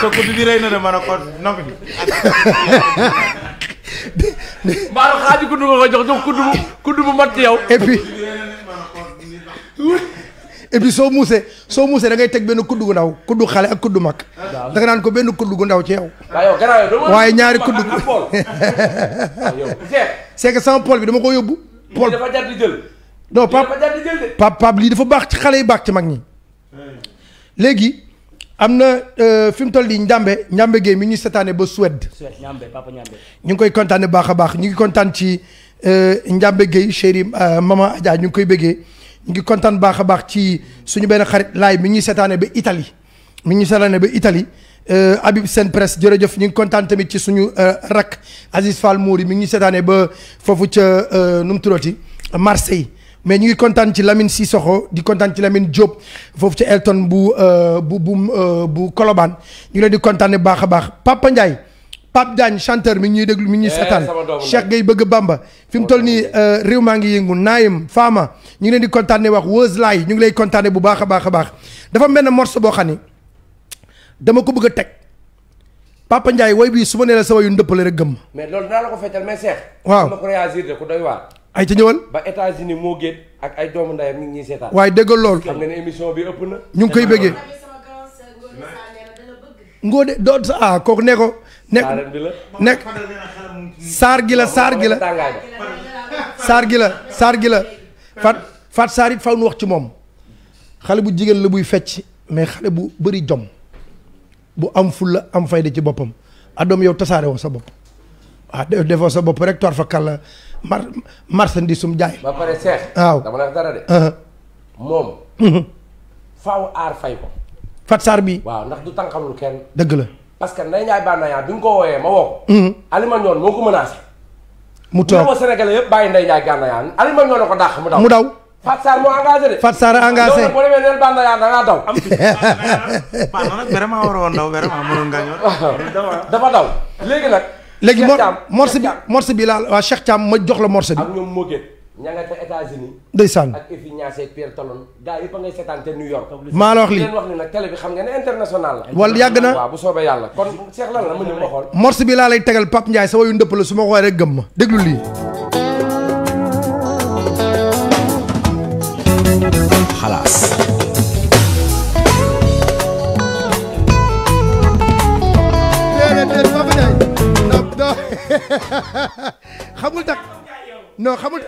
so kudd di reyna de ma ne ko noppi bi mbaaru xaaji kudd nga ko jox jox kudd bu kudd bu mat ci yow et puis et soo muusee soo muusee da ngay teg benn kuddu gu ndaw kudd xale ak kudd mag. waaw naan ko benn kudd gu ndaw ci yow. waaye ñaari kudd. c'est que sama pol bi dama ko yóbbu. pol dafa jar di jël. non Pape dafa baax ci xale yi baax ci mag ñi. Hmm. léegi am na euh, fi mu toll nii Njàmbe Njàmbe Gueye mi ñu seetaane ba Suède. Suède Njàmbe ñu ngi koy kontaanee baax a baax ñu ngi kontaan ci euh, Njàmbe Gueye chéri euh, maman Adja ñu ngi koy bëggee. ngi kontaan baax a baax ci suñu benn xarit laay mi ñuy seetaane ba itali mi ñuy seetaane ba Italie euh, Habib Sen Presse jërëjëf ñu ngi kontaan tamit ci suñu euh, rak Aziz Fall Mouri mi ñuy seetaane ba foofu ca euh, nu mu tuddati Marseille mais ñu ngi kontaan ci Lamine Sissoko di kontaan ci lamin Diop foofu ca Elton bu bu bu bu Colobane ñu leen di kontaanee baax a baax Papa Ndiaye Pape Diagne chanteur mi ngi ñuy déglu mi ngi ñuy eh, seetaan Cheikh Gueye bëgg Bamba fi mu toll nii euh, réew maa ngi yëngu naayam faama ñu ngi leen di kontaane wax wëz laay ñu ngi lay kontaane bu baax a baax baax dafa mel ne morceau boo xam ni dama ko bëgg teg Papa Ndiaye woy bii su ma nee sa wayu ndëppale rek gëm. mais loolu naa la ko fetal mais Cheikh. waaw ma doy waar. ay ca ñëwal. ba états moo génn ak ay doomu ndeyam ñu ngi ñuy waaye déggal loolu. xam nga ne émission bi ëpp na. ñu ngi koy bëggee. ngóode doot ah kooku ne ko nek nek sar gi la saar gi la sar gi la gi la fat fat sarit it faw wax ci mom xale bu jigen la buy fecc mais xale bu beuri jom bu am la am fayda ci bopam adom yow tassare wo sa bopp waaw ah, defo sa bop rek torfa kala mar marchandise sum jaay ba pare cheikh dama la dara de mom mhm. faw ar fay ko fat sar bi waaw ndax du tànqamul ken deug la parce que Ndeye Ndiaye Banaya bi nga ko wooyee ma woo. Mm-hmm. Alima Ndione moo ko menacé. mu toog mu ne yëpp bàyyi Ndeye Ndiaye Banaya Alima Ndione na ko dàq mu daw mu daw. Fat Sarr moo engagé de. Fat boo demee da ngaa daw. am ci Banaya nag nga ñëw. Ah. dafa daw léegi nag. léegi morse bi morse bi laa waa Cheikh Thiam ma jox la morse bi. ak ña nga ca États-Unis ndeysaan ak Effie Niasse ak Pierre a ngay maa la wax lii leen yàgg na waaw bu soobee yàlla kon Cheikh lan la mu ñëw ma xool morse bi laa lay tegal Pape Ndiaye sa wayu ndëpp la su ma xoolee rek gëm déglu lii xalaas xamul tax non xamul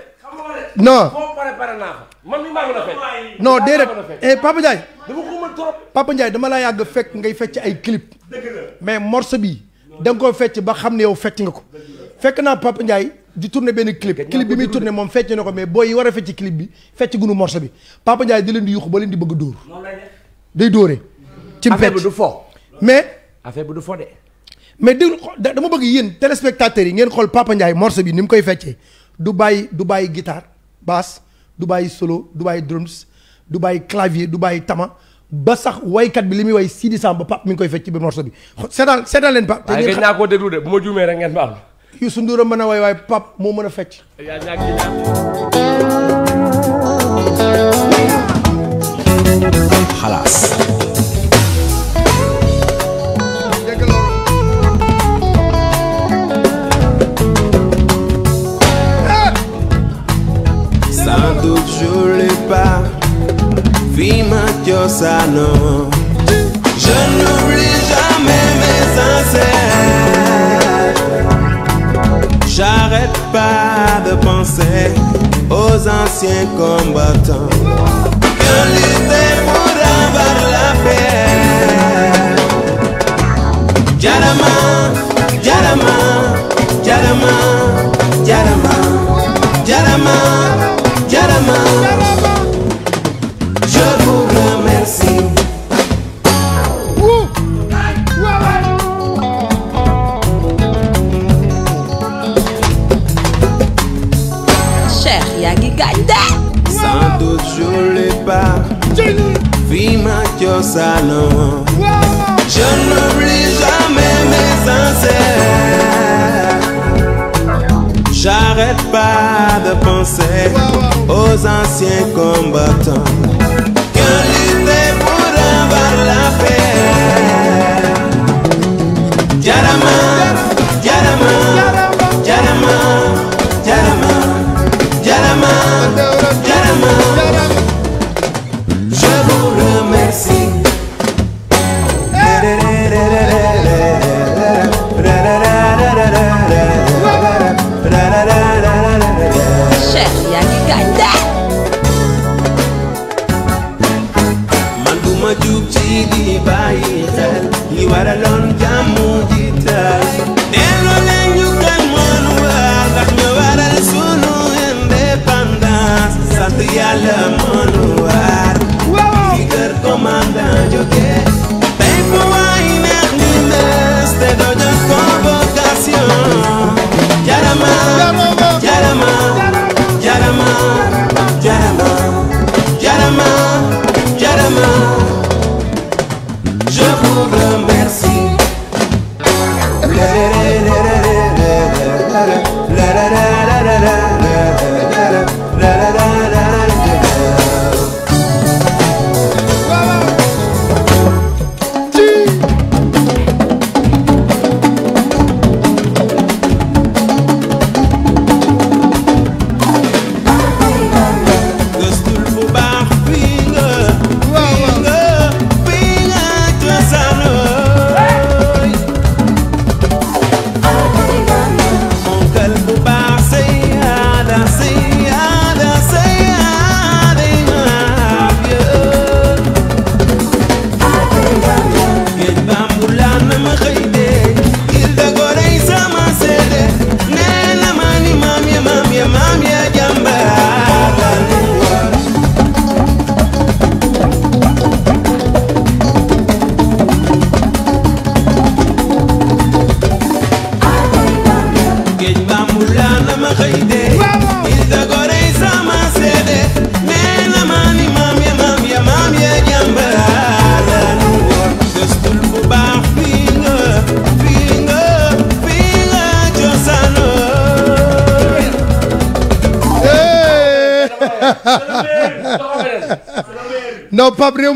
non foo pare pare naa fa man mi maa mën a fecc non déedéet eh, Papa Ndiaye dama Papa Ndiaye dama laa yàgg fekk ngay fecc ay clip mais morceau bi da nga ko fecc ba xam ne yow fecc nga ko fekk naa Papa Ndiaye di tourner benn clip clip bi muy tourner moom fecc na ko mais booy yi war a fecc clip bi fecc gunu morceau bi Papa Ndiaye di leen di yuxu ba leen di bëgg dóor day dóoree ci fecc mais affaire de mais dama bëgg yéen téléspectateurs yi ngeen xool Papa Ndiaye bi ni mu koy feccee du bàyyi du bàyyi guitare basse du bàyyi solo du bàyyi drums du bàyyi clavier du bàyyi tama ba sax waykat bi li muy way si Samb ba pap mi ngi koy fecc bi biir morceau bi seetaan seetaan leen pap waaye gëj naa koo bu ma juumee rek ngeen baal Youssou Ndour a mën a woy waaye pap moo mën a fecc xalaas Je n'oublie jamais mes ancêtres. J'arrête pas de penser aux anciens combattants. Que l'idée pour avoir la paix. Djarama, Djarama, Djarama, Djarama, Djarama, Djarama. salon. Je n'oublie jamais mes ancêtres. J'arrête pas de penser aux anciens combattants. Que lutter pour avoir la paix.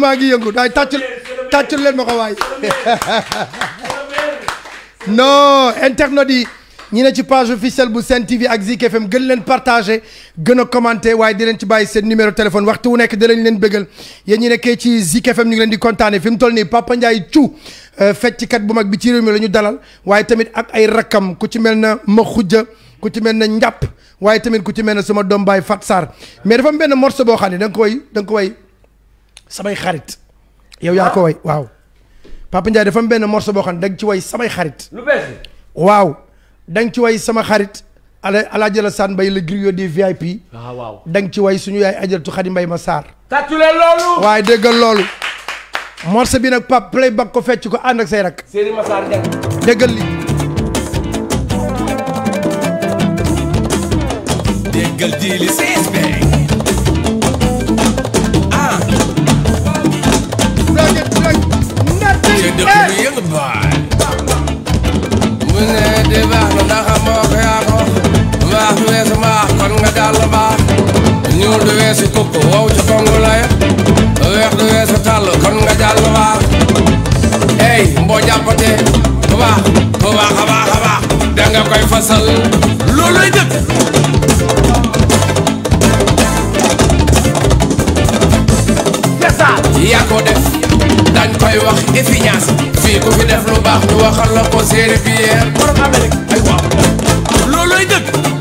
maa ngi yëngu daay tàccul tàccul leen ma ko waay non internet yi ñi ne ci page officielle bu Sen TV ak Zik FM gën leen partagé gën a commenté waaye di ci bàyyi seen numéro téléphone waxtu wu nekk dinañ leen bëggal yéen ñi nekkee ci Zik FM ñu ngi leen di kontaane fi mu toll nii Papa Ndiaye Thiou euh, fecckat bu mag bi ci réew mi la ñu dalal waaye tamit ak ay rakkam ku ci mel na ma xujja ku ci mel na njàpp waaye tamit ku ci mel na sama doom baay Fat mais dafa am benn morceau boo xam ne da nga ko way ko way samay xarit. yow yaa ko ah. way waaw. Papa Ndiaye dafa am benn morceau boo xam ne da ci way samay xarit. lu waaw da ci way sama xarit. ala alaajala saan Mbaye le griot VIP. Ah, waaw waaw da ci way suñu yaay ajaratu Xadi Mbaye ma saar tàccu leen loolu. waaye déggal loolu. morceau bi nag pap play back ko fecc ko ànd ak say rak. Serigne déggal li được miếng bài Mừng nghe đi bà nó đã hàm mò cái ác hò mà còn ngã đà là bà Nhu đuế sẽ si cục cổ âu cho con con ngã đà là Hey, bò nhập bà chê Hô bà, hô Đang gặp cái phát sân Lô lấy Yes, sir. Yeah, go there. dañ koy wax efficace fii ku fi def lu baax ñu waxal la ko séeréer bi yéen borom Amérique ay loolooy dëgg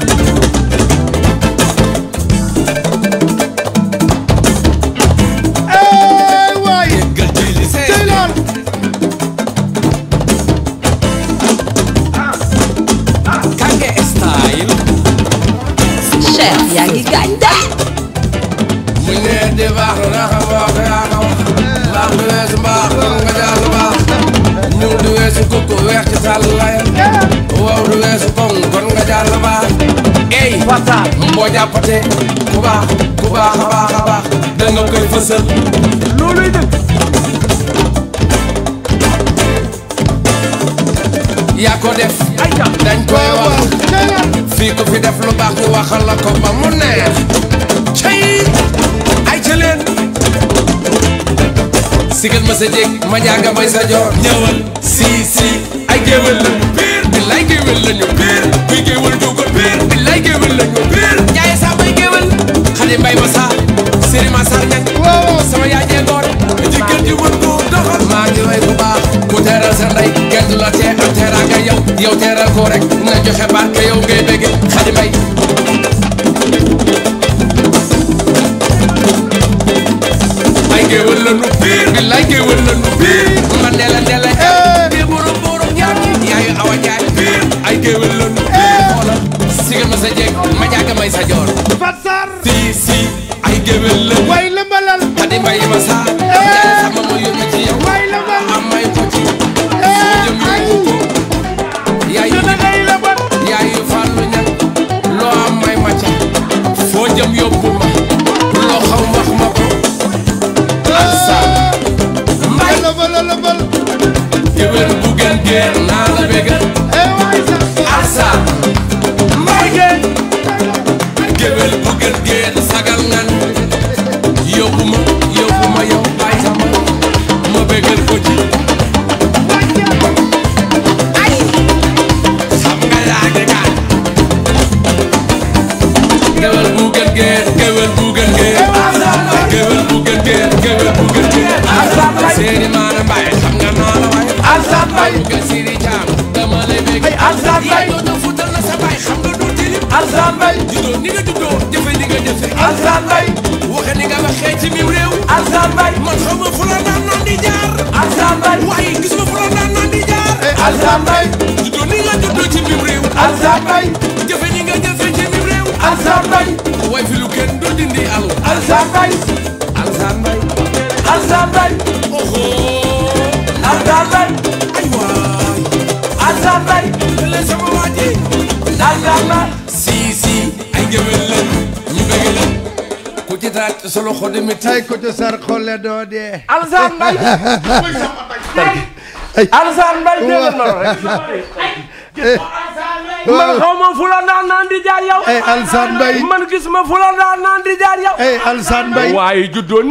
fata boo jàppatee ku baax ku baax a baax a baax danga koy fësal looluy dëgg yaa ko def dañ koy wax fii ko fi def lu baax ñu waxal la ko ba mu neex cay ay ca leen sigal ma sa jéeg ma jaaga may sa joor ñëwal si si ay géwël la billaay géwél lañu biir kuy géwél dugal biir billaay géwél lañu biir jaay saa bay géwél xale mbay ma saa sëri ma sar ñan waaw sama yaay jee ngoor jigéen ji wër ko doxal maa ngi way bu baax ku teeral sa ndey kenn du la tee am teeraa nga yow yow teeral ko rek na joxe barke yow ngay bëgg xale mbay ay géwél lañu biir billaay géwél lañu biir man de la de la eh. I want that. ay eh. géwél eh. eh. la nu xoolal siga ma sa jeg ma jaaga may sa joor fat sar si si ay géwél la way lëmbalal xadi mbay ma sa yaay sama ma yónni ci yow way lëmbal am may ko ci sama jëm yóbbu ko yaay yaay yu fàllu ñan loo am may ma ca foo jëm yóbbu ma loo xam wax ma ko ak sa mbay lëmbal lëmbal géwél bu gën géer casa. ni nga juddoo jëfe ni nga jëfe Alassane Mbaye waxe ni nga waxee ci miw réew Alassane Mbaye man xaw ma fu la daan noon di jaar Alassane Mbaye waaye gis ma fu la daan noon di jaar Alassane Mbaye ni nga juddoo ci miw réew Alassane ni nga jëfe ci miw réew way fi lu kenn du dindi alu Alassane Mbaye Alassane ay waay Alassane Mbaye le waa ji Alassane géwél lañ ñu bëgg ku ci taaj sa loxo di métti ku ci sar xolle doo dee Alassane Mbaye Alassane Mbaye dégg man xaw ma fu la daan naan di jaar man gis ma fu naan di jaar yow. eh, eh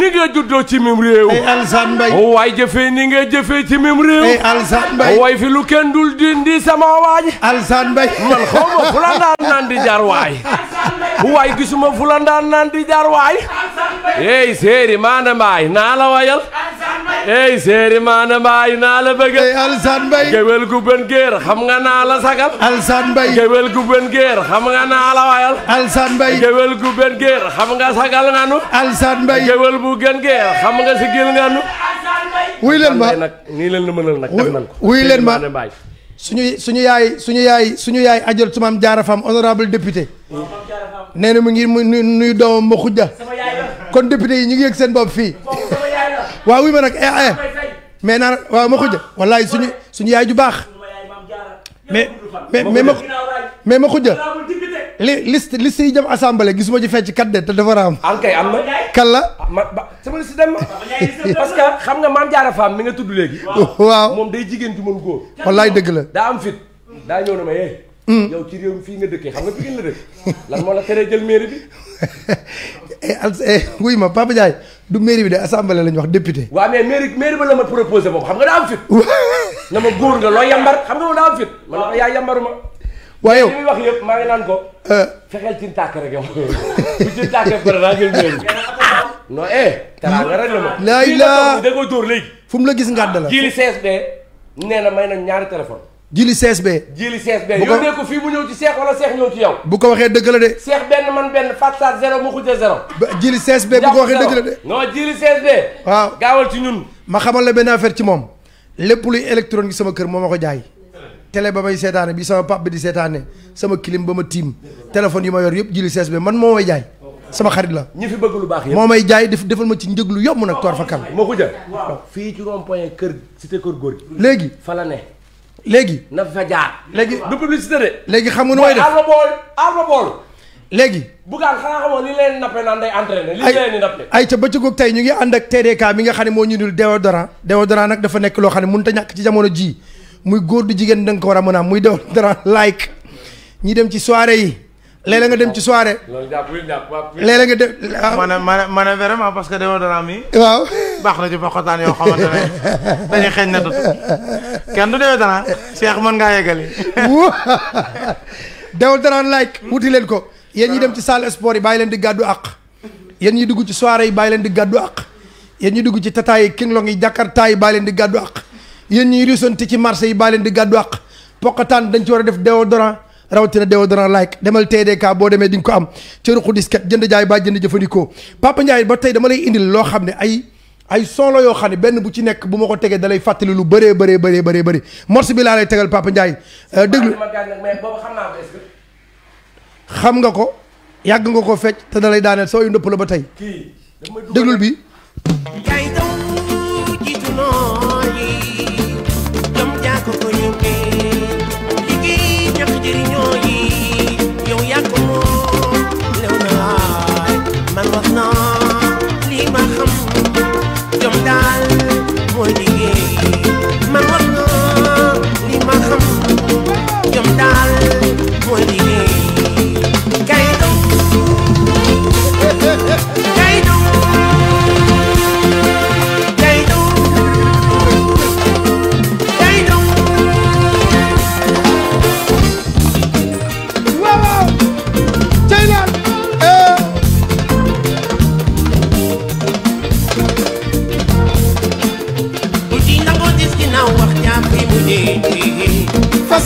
ni nga juddoo ci mim réew. eh Alassane oh, ni nga jëfee ci mim réew. eh Alassane Mbaye. Oh, waaye lu kenn dul dindi sama waaj. Alassane Mbaye. man xaw ma fu la daan naan di waay. waaye gisuma fu la naan di waay. ey séeri maana mbaay naa la wayal. ey séeri maana mbaay naa la eh, sagal. Mbay gewel gu ben geer xam nga naa la waayal Alsaan Mbay gewel gu ben geer xam nga sagal nga nu Alsaan Mbay gewel bu gën geer xam nga sigil nga nu wuy leen ma leen la mënal nag def nañ ko wuy leen ma suñu suñu yaay suñu yaay suñu yaay ajal su maam jaara faam honorable député nee mu ngi mu doomam ma a kon député yi ñu ngi yëg seen bopp fii waaw wuy ma nag eh eh mais naa waaw ma a wallaay suñu suñu yaay ju baax mais mais mais ma mais ma xuja li liste liste yi jëm assemblée gisuma ci fecc kat de te dafa raam. ankay am na. kan la. Ah, sama liste dem na parce que xam nga maam Jaara Faam mi nga tudd léegi. waaw moom day jigéen ju mën góor. wallaay dëgg la. daa am fit daa ñëw na ma eh. hmm. yee. xam nga la dëkk la teree jël mairie bi. Eh, al eh, wuy ma Papa Ndiaye du mairie bi de assemblée la ñu wax député. waaw mais mairie ba la ma proposé moom xam nga daa am fit. na ma góor nga loo yambar xam nga loolu daa am fit. ma. waaye yow li muy wax yëpp maa ngi naan ko. Eh. fexeel ci tàkk rek yow. bu ci tàkkee pare daa jël mbéy mi. non eh. teraanga rek la ma. laa ilaa da léegi. fu la gis ngàdd la. jili CSB nee na may nañ ñaari téléphone. jili CSB. jili CSB yónnee ko fii mu ñëw ci seex wala seex ñëw ci yow. bu ko waxee dëgg la de. seex benn man benn Fatou zéro mu xujjee zéro. ba jili CSB bu ko waxee dëgg la de. non jili CSB. waaw gaawal ci ñun. ma xamal la benn affaire ci moom. lépp luy électronique sama kër moo ma ko jaay télé ba may seetaane bi sama pap bi di seetaane sama clim ba ma tiim téléphone yi ma yor yëpp jili sees bi man moo may jaay sama xarit la ñi bëgg lu baax yëpp moo may jaay def defal ma ci njëg lu yomb nag toor fa kan moo ko jël fii ci rond point kër cité kër góor léegi fa ne léegi na fa jaar léegi du publicité de léegi xam nga nu may def arla bool arla bool léegi. Bougane xanaa xamoo li leen nappe naan day ay ca bëccëgu tey ñu ngi ànd ak TDK mi nga xam ne moo ñu dul déodorant déodorant nag dafa nekk loo xam ne mënut a ñàkk ci jamono ji muy góor du jigéen da nga ko war a mën a am muy déodorant like ñi dem ci soirée yi. léeg nga dem ci soirée. loolu jàpp wul jàpp waaw. léeg nga dem man man vraiment parce que déodorant mi. waaw. baax na ci bokkataan yoo xamante ne dañuy xeeñ na dut kenn du déodorant. Cheikh mën ngaa yeggali. déodorant like wuti leen ko. yéen ñi dem ci salle sport yi bàyyi leen di gàddu àq yéen ñi dugg ci soirée yi bàyyi leen di gàddu àq yéen ñi dugg ci tataay yi kinglong yi jakarta yi bàyyi leen di gàddu àq yéen ñi risonti ci marché yi bàyyi leen di gàddu àq pokataan dañ ci war a def déodorant rawatina déodorant like demal TDK boo demee di ko am ci ruqu disket jënd jaay baa jënd jëfandikoo Papa Ndiaye ba tey dama lay indil loo xam ne ay ay son yoo xam ne benn bu ci nekk bu ma ko tegee dalay fàttali lu bëree bëree bëree bëree bëri morceau bi laa lay tegal Papa Ndiaye euh, déglu xam nga ko yàgg nga ko fecc te dalay daaneel soo yu ndëpp la ba tey déglul bi man wax na li ma xam jom daal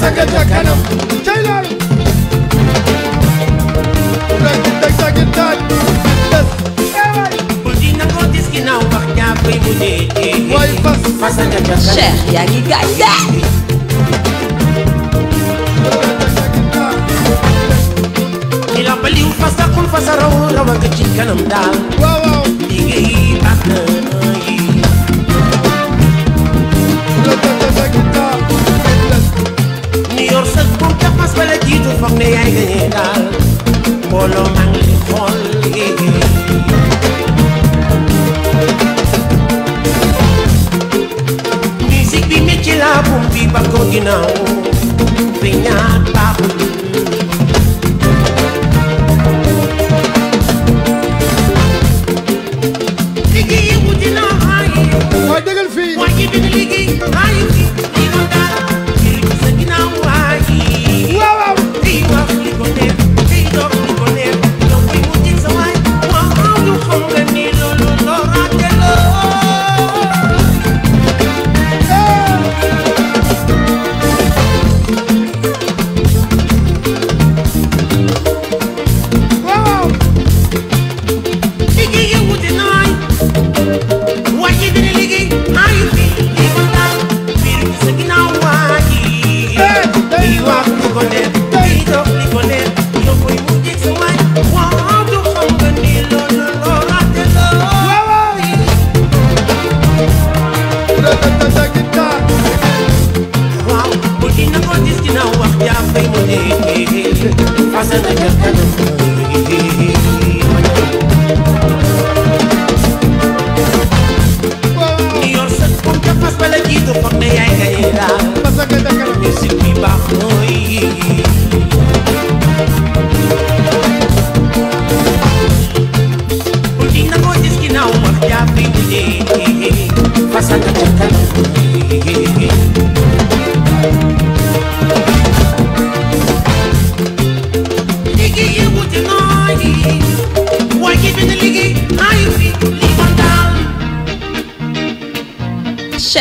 second to yor sës bu ca fas wala jiitu foog ne yaay gañee daal mbooloo maa ngi lay xool musique bi métier la bum bi bi ñaat baaxul liggéey yëngu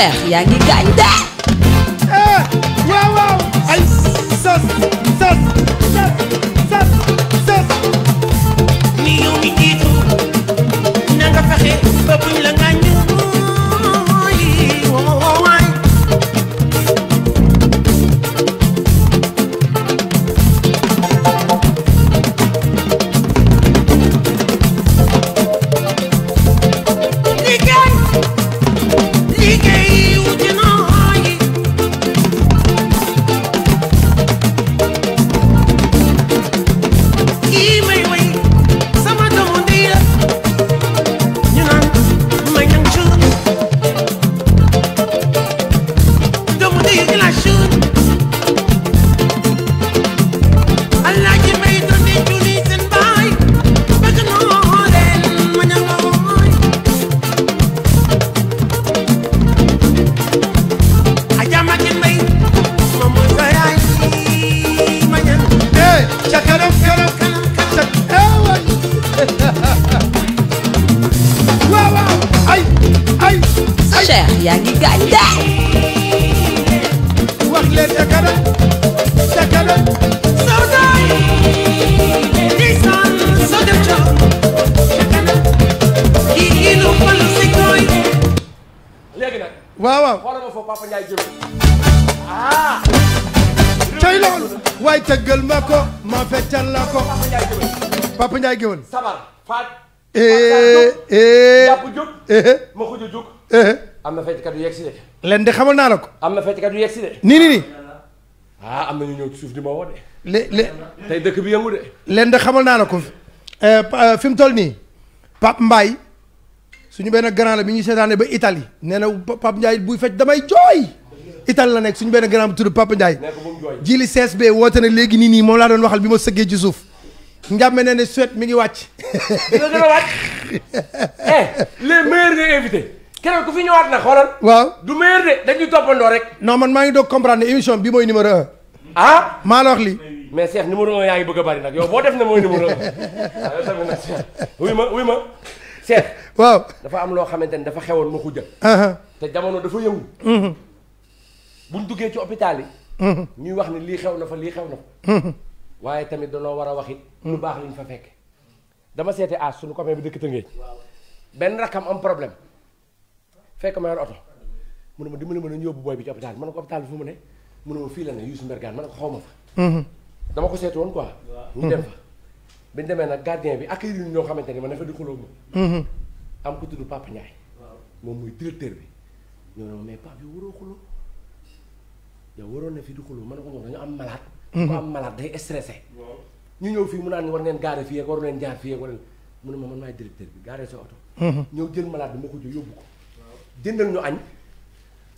É, aí, Gaiden! géwël sabar faat jàpp eh, jóg eh, eh. ma xuj a jóg am na fecckat yu yegg si de xamal naa la ko am na fecckat yu yegg nii nii nii ah, am na ñëw ci suuf di ma le le tey dëkk bi yëngu de leen de xamal naa la ko fi mu toll nii Pape Mbaye suñu benn grand la bi ñuy seetaane ba Italie nee na Pape Ndiaye buy fecc damay jooy Italie la nekk suñu benn grand bu tudd Pape Ndiaye jili CSB woote na léegi nii nii moom laa doon waxal bi ma sëggee ci suuf njàmme ne ne suet mi ngi wàcc. dina gën a wàcc. eh les meilleurs fi ñëwaat na xoolal. waaw du meilleur de dañuy toppandoo rek. non man maa ngi doog comprendre ne émission bi mooy numéro ah maa la wax lii. mais Cheikh numéro un yaa ngi bëgg a bari nag yow boo def ne mooy numéro un waaw dafa am loo xamante ni dafa xewoon ma xuja. Uh-huh. te jamono dafa yëngu. Mm-hmm. buñ duggee ci hôpital yi. Mm-hmm. ñuy wax ni lii xew na fa lii xew na waaye tamit danoo war a wax it lu baax liñ fa fekk dama seete aas suñu copain bi dëkk Tëngéej benn rakkam am problème fekk ma yor oto mu ne ma dimbali ma nañu yóbbu booy bi ci hôpital ma ne ko hôpital bi fu mu ne mu fii la ne Youssou xaw ma fa mhm. dama ko seeti woon quoi ñu dem fa nag gardien bi ak yéen xamante ni ma ne fa di xuloo moom mhm. am ku tudd Papa Ndiaye moom muy directeur bi ñoo ne ma mais Pape yow waroo xuloo yow waroon na fi di xuloo ma ne ko moom dañu am malade Mhm. ku am malade day stressé. ñu ñëw fii mu naan war ngeen gaare fii ak war ngeen jaar fii ak war mu ne ma man maay directeur bi gaare sa oto. Mhm. ñëw jël malade bi ma ko jël yóbbu ko. jëndal ñu añ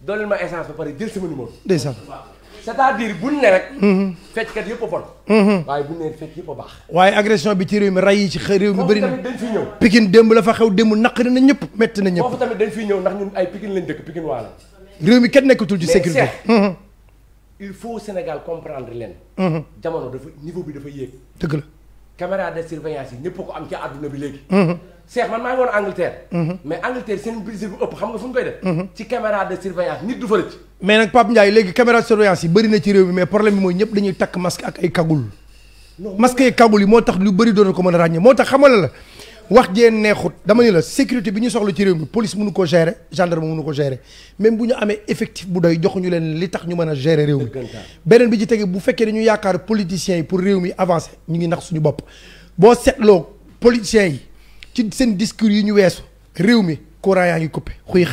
dooleel ma essence ba pare jël sama numéro. ndeysaan c'est-à-dire buñ ne rek. Mhm. fecckat yëpp a bon. waaye buñ ne fecc yëpp a baax. waaye agression bi ci réew mi rey yi ci réew mi bëri na démb la fa xew démb naqari na ñëpp metti na ñëpp. foofu tamit dañ fiy ñëw ndax ñun ay Pikine lañ dëkk Pikine il faut Sénégal comprendre leen. Mhm. jamono niveau bi dafa caméra de surveillance yi ko am ci bi mhm. Cheikh man Angleterre. Mhm. mais Angleterre c'est une bu ëpp xam nga pas caméra de surveillance nit du mais caméra de surveillance yi na ci mais problème bi les dañuy masque ak ay kagul. masque yi kagul yi moo tax lu wax la sécurité biñu soxlu ci police mënu ko gérer gendarme mënu ko même buñu amé effectif bu doy joxuñu len li tax ñu gérer bi ci tégué bu politiciens pour réew avancer ñu ngi nax suñu bop bo sétlo politiciens ci sen discours yi ñu wessu courant yaangi coupé xuy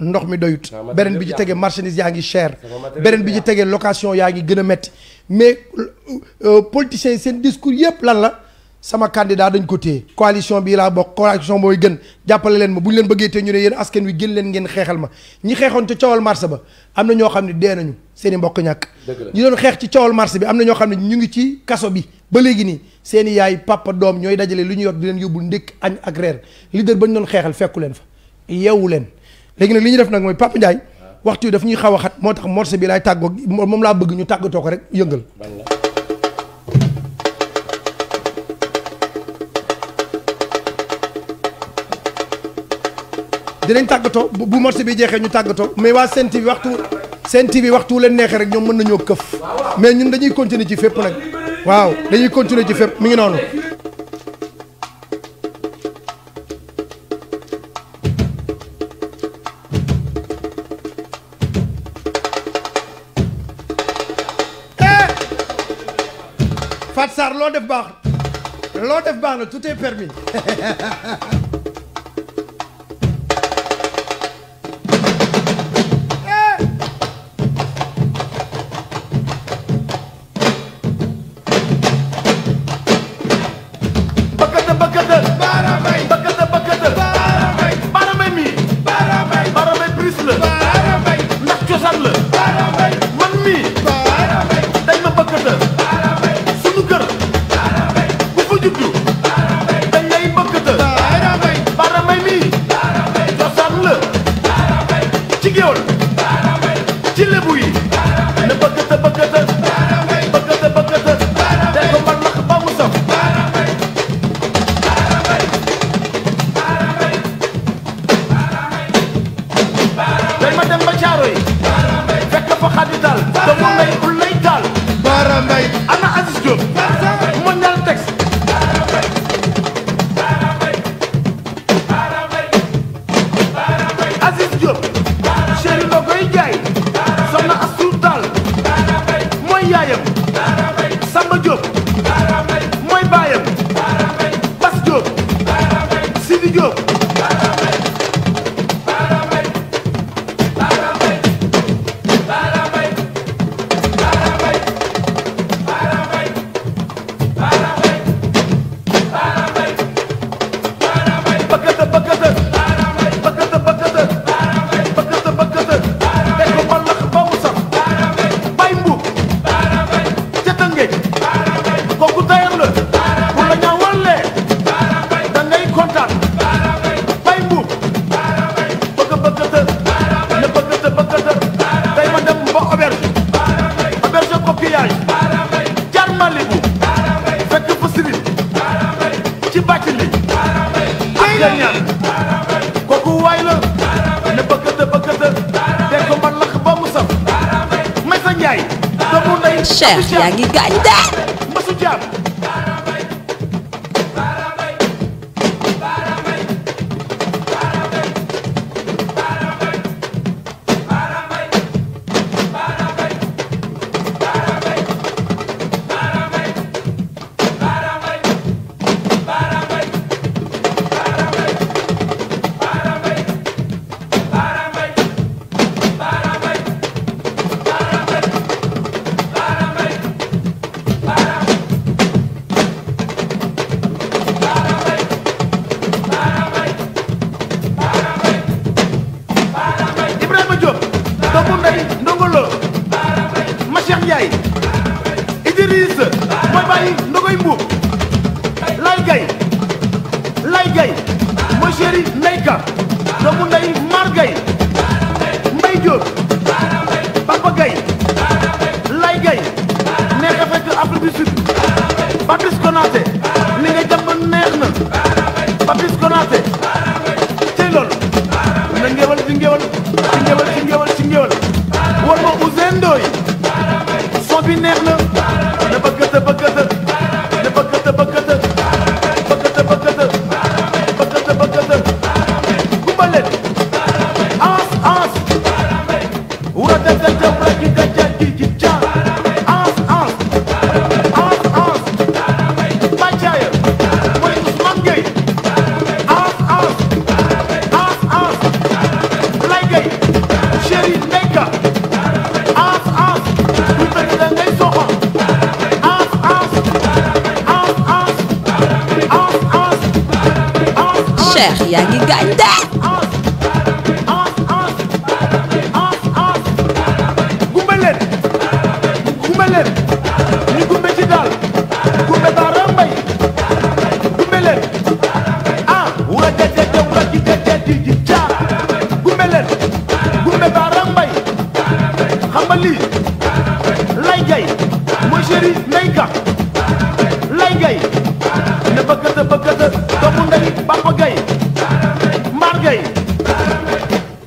ndox mi doyut benen bi ci tégué marchandise yaangi cher bi ci location mais euh, euh, politiciens sen discours yépp lan sama candidat dañ ko téye coalition bii laa bokk coalition mooy gën jàppale leen ma bu ñu leen bëggee te ñu ne yéen askan wi gën leen ngeen xeexal ma ñi xeexoon ca coowal marché ba am na ñoo xam ne dee nañu seen i mbokk ñàkk ñi xeex ci coowal marché bi am na ñoo xam ne ñu ngi ci kaso bi ba léegi nii seeni yaay papa doom ñooy dajale li ñu yot di leen yóbbul ndékk añ ak reer leader ba ñu doon xeexal fekku leen fa yeewu leen léegi nag li ñu def nag mooy Papa Ndiaye ah. waxtu yi daf ñuy xaw a xat moo tax morse bi laay tàggoo moom laa bëgg ñu tàggatoo ko rek yëngal dinañ tàggatoo bu marché bi jeexee ñu tàggatoo mais waa Sen TV waxtu Sen TV waxtu leen neexee rek ñoom mën nañoo këf mais ñun dañuy continuer ci fépp nag waaw dañuy continuer ci fépp mu ngi noonu. Eh! Fat loo def baax loo def baax na tout est permis é Young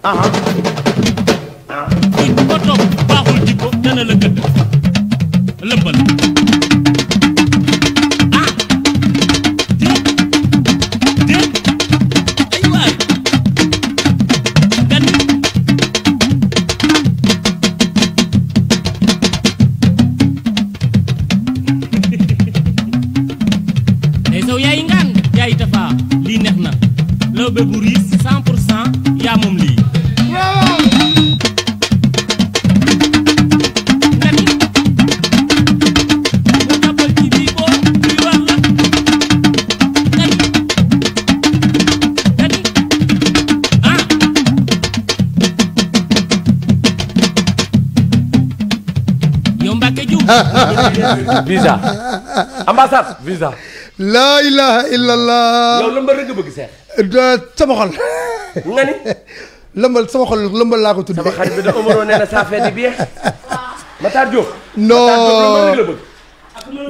Ajá. visa ambassade visa. laa ilaha illallah. yow lëmbal rek nga bëgg seex. lëmbal sama laa ko tuddee. sama xarit bi da Omaro nee na ça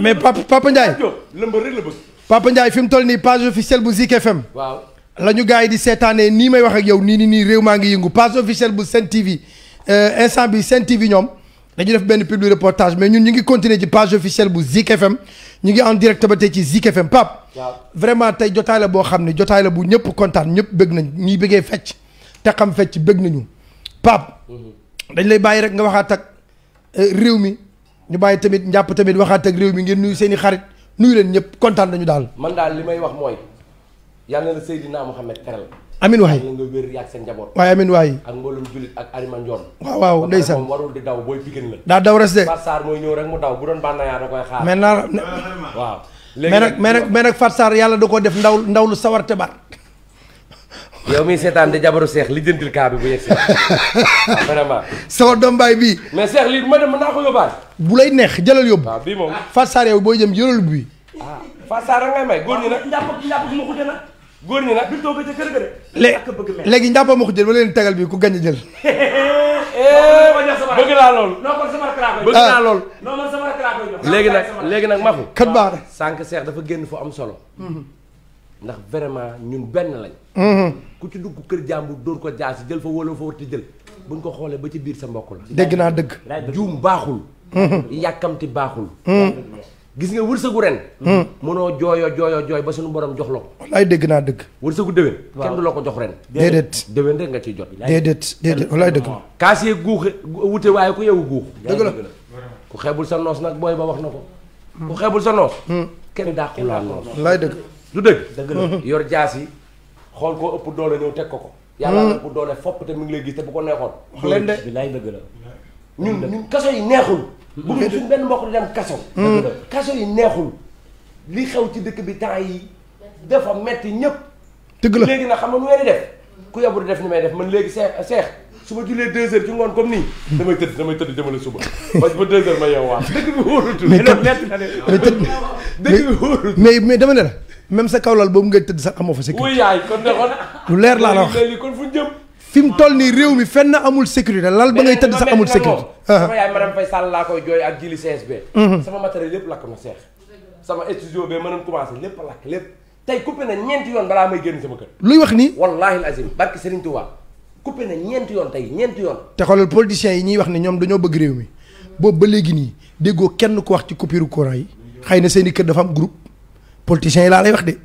mais papa papa Ndiaye. lëmbal fi mu toll nii page officielle bu Zik FM. waaw la ñu yi di seetaanee nii may wax ak yow nii nii nii réew maa ngi yëngu page officielle bu Sen TV euh, instant bi Sen TV ñoom. dañu def benn public reportage mais ñun ñu ngi continuer ci page officielle bu Zik FM ñu ngi en direct ba tey ci Zik FM Pape. vraiment tey jotaay la boo xam ne jotaay la bu ñëpp kontaan ñëpp bëgg nañ ñuy bëggee fecc te xam fecc bëgg nañu Pape. Mhm. dañ lay bàyyi rek nga waxaat ak euh, réew mi ñu bàyyi tamit njàpp tamit waxaat ak réew mi ngeen nuyu seen i xarit nuyu leen ñëpp kontaan nañu daal. man li may wax mooy yàlla na Seydina Mohamed teral amin waay nga wér yaag seen njaboot waay amin waay ak mboolum julit ak Wow wow, waaw waaw ndeysaan moom warul di daw booy pikin la daa daw res de Fat Sarr mooy ñëw rek mu daw bu doon bànnayaa da koy xaar maintenant ah, waaw mais nag mais nag mais da koo def ndaw ndaw lu sawar te bar yow miy seetaan di jabaru seex li jëndil kaa bi bu yegg si vraiment sama doom baay bii mais seex lii ma dem mën naa ko yóbbaale bu lay neex jëlal yóbbu waaw bii moom yow booy jëm jëlal bi ah Fat Sarr may góor ñi nag njàpp njàpp ma xude nag góor ñi nag duñ toog a ca léegi njàppam ma ko jël ba leen tegal bi ku gañ a jël. bëgg naa loolu. Ah. léegi nag léegi nag Mafou. kat baax na ah, sànq Seex dafa génn fu am solo. Mhm. ndax vraiment ñun benn lañ. Mhm. ku ci dugg kër jàmbur dóor ko jaasi jël fa wóoloo fa warti jël. buñ ko xoolee ba ci biir sa mbokk la. dégg naa dëgg. juum baaxul. Mhm. yàkkamti baaxul. gis nga wërsëgu ren. Hmm. mënoo jooyoo jooyoo jooy ba suñu borom jox la ko. dëgg dégg naa dëgg. wërsëgu déwén. waaw kenn du la ko jox ren. déedéet déwén rek nga ciy jot. déedéet déedéet wallaay dëgg. kaas yee guux wute waaye ku yewu la ku xeebul sa noos nag booy ba wax na ko. ku xeebul sa noos. Hmm. kenn dàqul laa noos. wallaay dëgg. lu dëgg. dëgg la hmm. yor jaas yi xool koo ëpp doole ñëw teg ko ko. yàlla ëpp doole fopp te mu ngi lay gis te bu ko neexoon. bu leen de bilaay dëgg la ñun ñun kaso yi neexul bu ñu suñ benn mbokk di dem kaso. kaso yi neexul li xew ci dëkk bi temps yi dafa metti ñëpp. dëgg la léegi nag xam nga nu may def ku yabu di def ni may def man léegi seex seex su ma jullee deux heures ci ngoon comme nii. damay tëdd damay tëdd jëmale suba parce que ba deux heures ma yeewaat dëkk bi wóorutul. mais tëdd mais tëdd dëkk bi wóorutul mais mais dama ne la même sa kawlal boobu ngay tëdd sax amoo fa sécurité. wuy yaay kon ne kon. lu leer laa la wax léegi kon fu ñu jëm. fi mu toll nii réew mi fenn amul sécurité lal ba ngay tëdd sax amul sécurité. sama ah. yaay laa koy jooy ak jili CSB. Mhm. sama lépp lakk na seex. sama studio bee mënoon commencé lépp lakk lépp tey coupé na ñeenti yoon balaa may génn sama kër. luy wax nii. wallaahi al azim barke Serigne Touba yoon tey ñeenti yoon. te xoolal politiciens yi ñuy wax ne ñoom dañoo bëgg réew mi boobu ba léegi nii déggoo kenn ku wax ci coupure courant yi xëy na seen i kër dafa am group politiciens yi laa lay wax de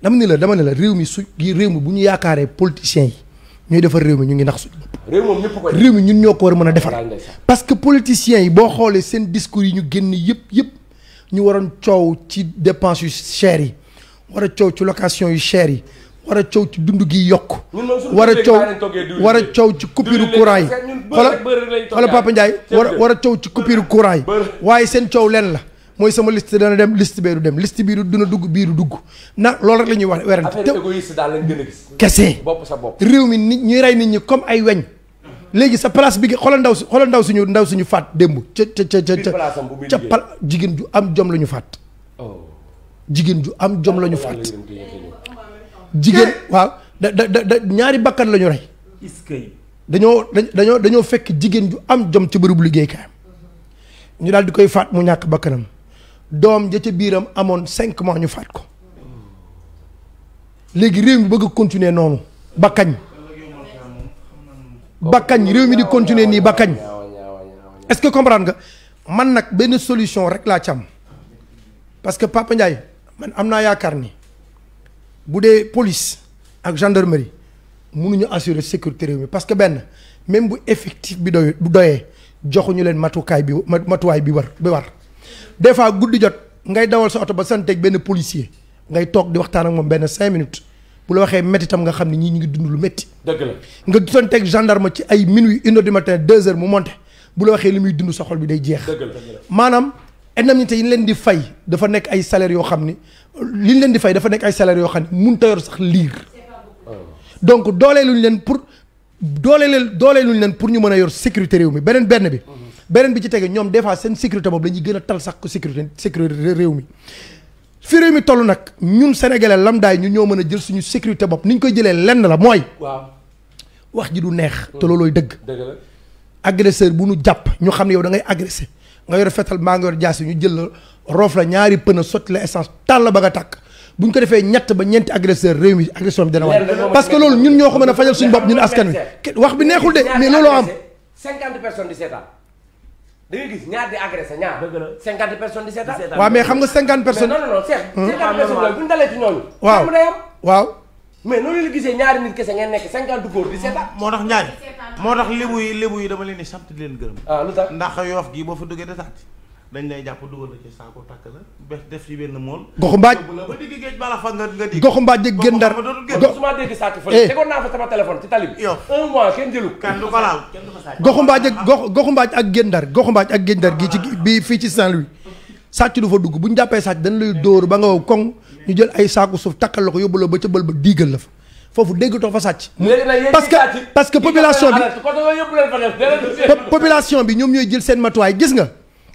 dama ne la dama ne la réew mi su réew mi bu ñu yaakaaree politiciens yi ñuy defar réew mi ñu ngi nax suñu bopp. réew mi ñun ñoo ko war a mën a defar. parce que politiciens yi boo xoolee seen discours yi ñu génn yëpp yëpp ñu waroon coow ci dépense yu cher yi war a coow ci location yu cher yi war a coow ci dund gi yokk. war a coow war a coow ci coupure courant yi. xoolal xoolal Papa Ndiaye war war a coow ci coupure courant yi. waaye seen coow leen la. mooy sama list dana dem liste bee du dem liste bii du dina dugg bii du dugg na loolu rek la ñuy wax werante affaire égoïste daal lañ gën a gis kese bopp réew mi nit ñuy rey nit ñi comme ay weñ léegi sa place bi xoolal ndaw si xoolal ndaw suñu ndaw suñu faat démb ca ca ca ca pal jigéen ju am jom la ñu faat oh. jigéen ju am jom la ñu faat jigéen waaw da da da ñaari bakkan la ñu rey dañoo dañoo dañoo fekk jigéen ju am jom ci bërëbu liggéeykaayam ñu daal di koy faat mu ñàkk bakkanam doom ja biiram amoon cinq mois ñu faat ko léegi réew mi bëgg continuer noonu ba kañ ba kañ réew mi di continuer nii ba kañ est-ce que comprendre nga man nag benn solution rek laa ci am parce que Papa Ndiaye man am naa yaakaar ni bu dee police ak gendarmerie mënuñu assurer sécurité réew mi parce que benn même bu effectif bi doy bu doyee joxuñu leen matukaay bi matuwaay bi war bi war des fois guddi jot ngay dawal sa oto ba santeeg benn policier ngay toog di waxtaan ak moom benn cinq minutes bu la waxee métti tam nga xam ne ñii ñu ngi dund lu métti. dëgg la nga santeeg gendarme ci ay minuit une heure du matin deux heures mu monté bu la waxee li muy dund sa xol bi day jeex. dëgg la maanaam indemnité yi ñu leen di fay dafa nekk ay salaires yoo xam ni li ñu leen di fay dafa nekk ay salaires yoo xam ni mënut a yor sax liir. donc dooleeluñ leen pour dooleelul dooleeluñ leen pour ñu mën a yor sécurité réew mi beneen bi. beneen bi ci tegee ñoom des fois seen sécurité boobu la gën a tal sax ko sécurité sécurité toll nag ñun sénégalais lamdaay ñu ñoo mën a jël suñu sécurité bopp ni ñu koy jëlee lenn la mooy. waaw wax ji du neex. Hmm. te loolooy dëgg. dëgg la agresseur bu nu jàpp ñu xam ne yow da agressé nga yor fetal maa nga yor jaasi ñu jël la roof la ñaari pën sotti la essence tàll ba nga tàkk. bu ñu ko defee ñett ba ñeenti agresseur réew mi agression bi dana wàññi parce loolu ñun ñoo ko mën a fajal suñu bopp ñun askan wi wax bi neexul de mais loolu am. 50 personnes di da gis ñaar di agressé ñaar. dëgg la cinquante personnes di seetaan. waaw mais xam nga cinquante personnes. non non non seet. cinquante personnes yooyu bu ñu dalee waaw waaw. mais noonu la gisee ñaari nit kese ngeen nekk cinquante góor di seetaan. moo tax ñaari moo tax lébu yi lébu yi dama leen di sant di leen gërëm. Ah, tax ndax yoof gii boo fa duggee da tax dañ lay jàpp dugal la ci saako takk la ba def ci benn ba digg géej bala fa nga nga digg. gox eh. mbaaj ak gën ndar gox ak gox gox mbaaj ak gën ndar gox ci bii fii ci Saint-Louis. sàcc fa dugg bu ñu jàppee sàcc dañ lay dóor ba nga wow koŋ ñu jël ay saako suuf takkal la ko yóbbu la ba ca bël ba diigal la fa. foofu déggatoo fa sàcc. parce que parce que population bi population bi ñoom ñooy jël seen matuwaay gis nga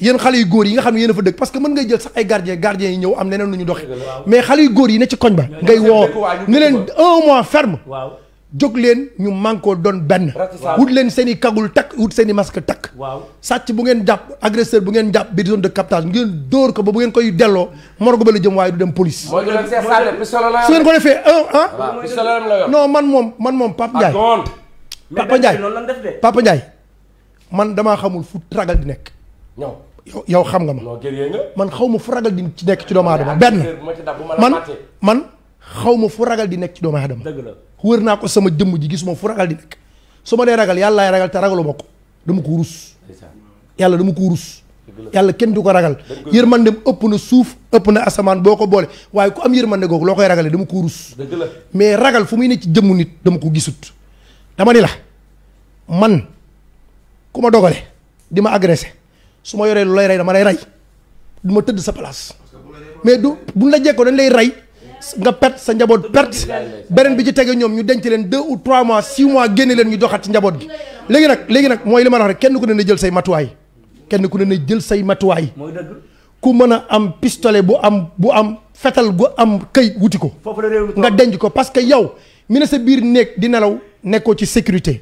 yéen xale yu góor yi nga xam ne yéen a fa dëkk parce que mën ngay jël sax ay gardien gardien yi ñëw am neneen lu ñu doxe mais xale yu góor yi ne ci koñ ba ngay woo ne leen un mois ferme jóg leen ñu mànkoo doon benn wut leen seen i kagul takk wut seen i masque takk sàcc bu ngeen jàpp agresseur bu ngeen jàpp biir zone de captage ngeen dóor ko ba bu ngeen koy delloo morgue ba la jëm waaye du dem police su ngeen ko defee un ah man moom man moom Pape Ndiaye Pape Ndiaye Pape Ndiaye man damaa xamul fu ragal di nekk yow xam nga ma man xaw ma fu ragal di ci nekk ci doomu aadama benn man man xaw ma fu ragal di nekk ci doomu aadama wër naa ko sama jëmm ji gisuma fu ragal di nekk su ma dee ragal yàllaay ragal te ragalu ma ko dama ko rus yàlla dama ko yàlla kenn du ko ragal yërmande ëpp na suuf ëpp na asamaan boo ko boole waaye ku am yërmande googu loo koy ragale dama ko rus mais ragal fu muy ne ci jëmmu nit dama ko gisut dama ni la man ku ma dogale di ma agressé su ma yoree lu lay rey dama lay rey du ma tëdd sa place mais du buñ la jekkoo dañ lay rey nga perte sa njaboot perte beneen bi ci tege ñoom ñu denc leen deux ou trois mois six mois génne leen ñu doxat ci njaboot gi léegi nag léegi nag mooy li ma la rek kenn ku ne na jël say matuwaay kenn ku ne na jël say matuwaay ku mën a am pistolet bu am bu am fetal gu am këy wuti ko nga denc ko parce que yow mu ne sa biir néeg di nelaw nekkoo ci sécurité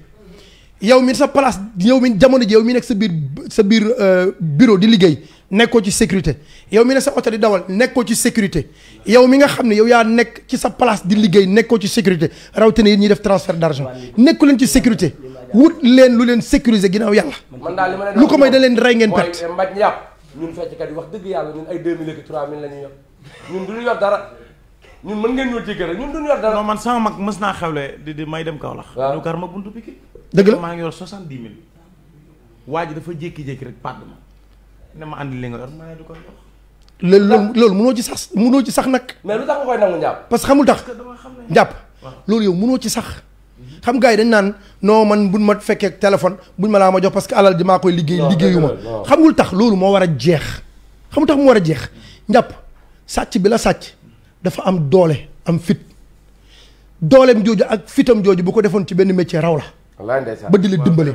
yow mi sa place yow mi jamono ji yow mi nekk sa biir sa biir euh, bureau di liggéey nekkoo ci sécurité yow mi ne sa oto di dawal nekkoo ci sécurité yow mi nga xam ne yow yaa nekk ci sa place di liggéey nekkoo ci sécurité rawatina yéen ñuy def transfert d'argent nekku leen ci sécurité wut leen lu leen sécuriser ginnaaw yàlla. lu ko may da leen rey ngeen perte. mbaj yàpp ñun fecckat yi wax dëgg yàlla ñun ay 2000 ak 3000 la ñuy yor ñun du ñu yor dara. ñun mën ngeen ñoo jéggi rek ñun du ñu yor dara. non man sama mag mës naa xewle di di may dem Kaolack. waaw ñu kar ma buntu Pikine dëgg maa ngi yor soixante dix mille waa ji dafa jékki rek pàdd ma ne ma andi ma ne ko jox. loolu loolu mënoo ci sax mënoo ci sax nag. mais lu tax nga koy nangu parce que xamul tax njàpp loolu yow mënoo ci sax. xam gars yi dañ naan noo man buñ ma fekkee téléphone buñ ma laa ma jox parce que alal ji maa koy liggéey liggéeyu ma xamul tax loolu moo war a jeex xamul tax mu war a jeex njàpp sàcc bi la sàcc dafa am doole am fit dooleem jooju ak fitam jooju bu ko defoon ci benn métier raw la ba di dimbale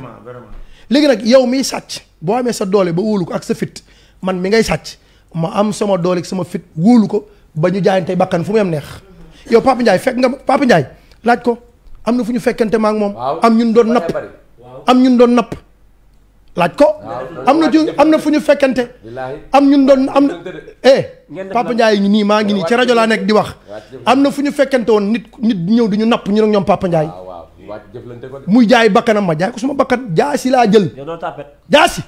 léegi nag yow miy sàcc boo amee sa doole ba ak sa fit man mi ngay sàcc ma am sama doole sama fit wóolu ko ba ñu jaayante bakkan fu mu yem neex yow Papa Ndiaye fekk nga Papa Ndiaye laaj ko am na fu ñu fekkante ma ak moom am ñun doon napp am ñun doon napp laaj ko am na am na fu ñu fekkante am ñun doon am eh Papa Ndiaye ni ma ngi ni ci rajo laa nekk di wax am na fu ñu fekkante woon nit nit ñëw di ñu napp ñu ak Papa Iya. muy jaay bakkanam ma jaay ko suma bakkan jaasi laa jël. jaasi.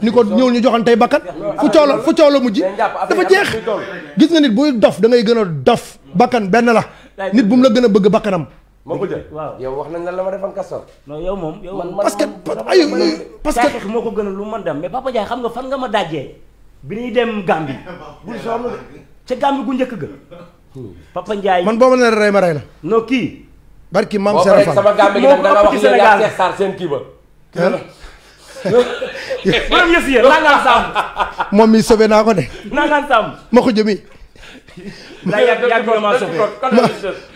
ni ko ñëw ñu joxan tey bakkan fu coolo fu coolo mujj dafa jeex gis nga nit buy dof da ngay gën a dof bakkan benn la nit bu mu la gën a bëgg bakkanam ma ko jël waaw yow wax nañ la la ma defan kasso non yow moom yow parce que ay parce que moo ko gën a lu man dem mais papa Ndiaye xam nga fan nga ma dajjee bi ñuy dem Gambie bul sonn ca Gambie gu njëkk ga hmm. papa Ndiaye man boo ma ne rey ma rey la non kii barki maam Serap Fall sama gàmbe gi nag da nga wax yéen yaa Cheikh Sarr seen kii ba. maanaam yëf yéen nangaan sàmm. moom mi sauvé naa ko de. nangaan sàmm. ma ko jëmi. daa yàgg yàgg nga maa sauvé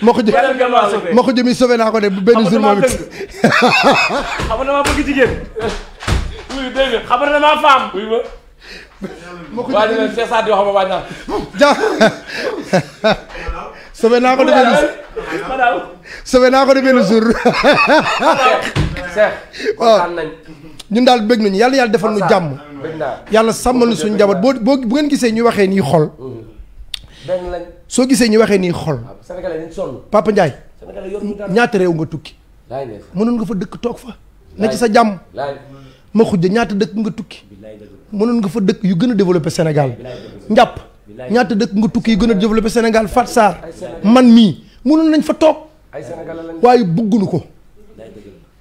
ma ko jëmi ma ko jëmi sauvé naa ko de benn jour moom it. xam nga damaa bëgg jigéen. oui dégg nga xam nga damaa faam. oui ma. ma ko jëmi waaye dina Cheikh Sarr di wax ma waaj naa. sauvé naa ko de benn jour sauvé naa ko de benn jour. waaw ñun daal bëgg nañu yàlla yàlla defal ñu jàmm. yàlla sàmmal ñu suñu njaboot boo boo bu ngeen gisee ñu waxee nii xol. Mm. soo gisee ñu waxee nii xol. Ah, Papa Ndiaye. ñaata réew nga tukki. mënoon nga fa dëkk toog fa. na ci sa jàmm. ma xujja ñaata dëkk nga tukki. mënoon nga fa dëkk yu gën a développé Sénégal njàpp. ñaata dëkk nga tukki gëna développer Sénégal Fat sar man mi mënu nañ fa toog waaye bëgguñu ko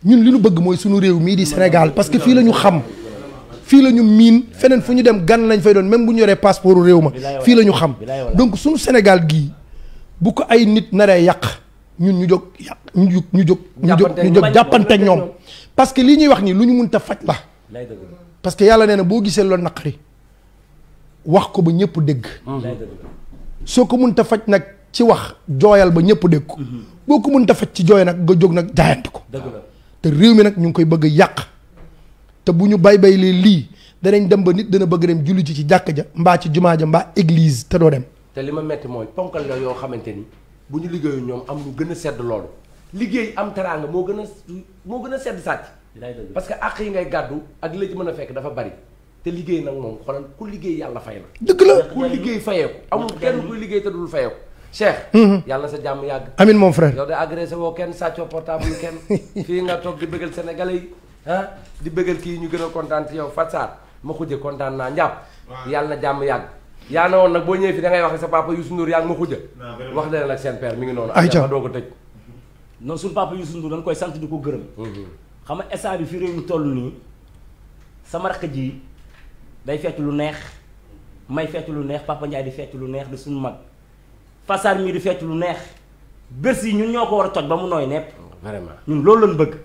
ñun li ñu bëgg moy suñu réew mi di Sénégal parce que fi lañu xam fi lañu min fenen fu ñu dem gan lañ fay doon même bu ñoré passeport réew ma fi lañu xam donc suñu Sénégal gi bu ko ay nit naré yaq ñun ñu jog ñu jóg ñu jog ñu jog ñu jog jàppante ak ñoom parce que li ñuy wax ni luñu mënta fajj la parce que yalla néna bo gisé lo nakari wax ko ba ñëpp dégg soo ko mënta faj nag ci wax jooyal ba ñëpp dégg ko mhm. boo ko mënta faj ci jooy nag nga jóg nag jaayanti ko te réew mi nag ñu ngi koy bëgg yàq te bu ñu bay bay lee lii danañ dem ba nit dana bëgg dem julli ci ci jàkk ja mbaa ci jumaa ja mbaa église te doo dem te li ma metti mooy ponkal la yoo xamante ni bu ñu liggéeyu ñoom am lu gën a sedd loolu liggéey am teraanga moo gën a moo gën a sedd sàcc parce que àq yi ngay gàddu ak li la mën a fekk dafa bari te liggéey nag moom xoolal ku liggéey yàlla fay la. dëgg la ku liggéey fayee ko. amul kenn kuy liggéey te dul fayee ko. Cheikh. Mhm. yàlla sa jàmm yàgg. amiin mon frère. yow de agressé woo kenn sàccoo portable yu kenn fii nga toog di bëggal sénégalais yi ah di bëggal kii ñu gën a kontaan ci yow Fatsar ma xujje kontaan naa njàpp. yàlla na jàmm yàgg. yaa na woon nag boo ñëwee fi da ngay wax sa papa Youssou Ndour yaa ngi ma xujja wax leen ak seen père mi ngi noonu. ayca doo ko tëj. non suñu papa Youssou Ndour dañ koy sant di ko gërëm. Mhm. xam nga bi fii réew mi toll nii sama rakk ji day fecc lu neex may fecc lu neex Papa Ndiaye di fecc lu neex de suñu mag Fassar mi di fecc lu neex bés yi ñun ñoo ko war a toj ba mu nooy nepp. vraiment ñun loolu lañ bëgg.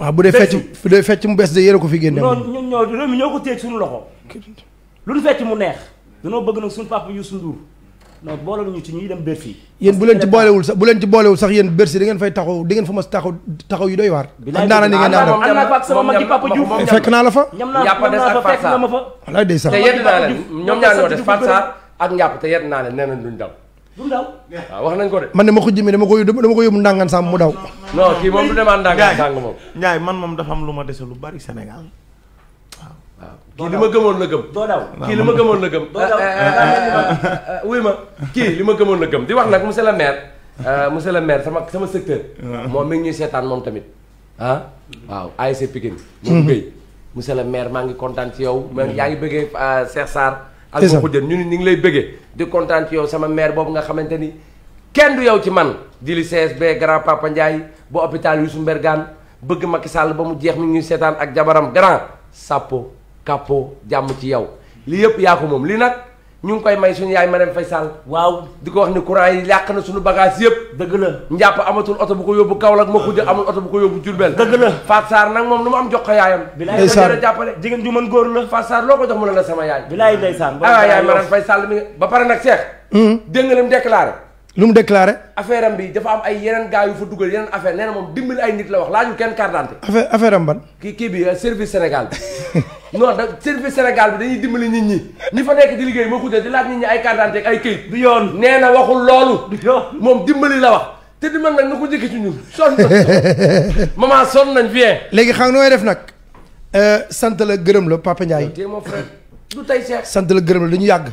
waaw bu dee fecc bu dee fecc mu bees de yére ko fi génne. non ñun ñoo réew mi ñoo ko téye suñu loxo. lu ñu fecc mu neex. dañoo bëgg nag suñu papa Youssou Ndour non boolewuñu ci ñuy dem Bercy. yéen bu leen ci boolewul sax bu leen ci boolewul sax yéen Bercy da ngeen fay taxaw da ngeen fa mas taxaw taxaw yu fekk naa la fa. ñam naa na ma fa. walaay day sax te yedd naa leen ñoom naa leen nee nañ duñ daw. wax nañ ko de. man de ma ko jëmee dama ko dama ko yóbbu ndàngaan sàmm mu daw. non kii moom du demaat ndàngaan sàmm moom. Ndiaye man moom dafa am lu ma dese lu bari senegal kii li legem gëmoon la gëm doo daw kii li ma gëmoon la gëm doo daw wuy ma di wax nag eh, monsieur le maire sama sama secteur ah. moom mi ngi ñuy seetaan moom tamit ah waaw ASC Pikine hmm. moom Gueye monsieur le maire maa ngi kontaan ci yow yaa ngi bëggee ah, di sama mer boobu nga xamante ni du yow ci man di li CSB grand papa Ndiaye ba hôpital Youssou Mbergane bëgg Macky ba mu jeex mi ñuy ak jabaram grand Sapo Capo jàmm ci yow li yëpp yaa ko moom li nag ñu ngi koy may suñu yaay Marème Faye Sall waaw di ko wax ni courant yi yàq na suñu bagage yëpp dëgg la njàpp amatul oto bu ko yóbbu Kaolack ma xujja amul oto bu ko yóbbu Jurbel dëgg la Faat nag moom lu mu am jox ko yaayam bilaay ko jàppale jigéen ju mën góor la Faat Sarr loo ko jox mu ne la sama yaay bilaay ndeysaan ah yaay Marème Faye ba pare nag Cheikh hmm. dégg nga lim déclaré lu mu déclaré. affaire am bi dafa am ay yeneen gaa yu fa dugal yeneen affaire nee moom dimbali ay nit la wax laajul kenn carte d'identité. affaire affaire ban. kii kii bi euh, service Sénégal bi non da service Sénégal bi dañuy dimbali nit ñi ñi fa nekk di liggéey moo ko di laaj nit ñi ay carte d'identité ak ay këyit. du yoon nee na waxul loolu. du moom dimbali la wax. te di man nag na ko njëkk ci ñun sonn maman sonn nañ bien. léegi xam nga nooy def nag. Euh, sant la gërëm la Papa Ndiaye. tey mon tey Cheikh. sant la gërëm la dañu yàgg.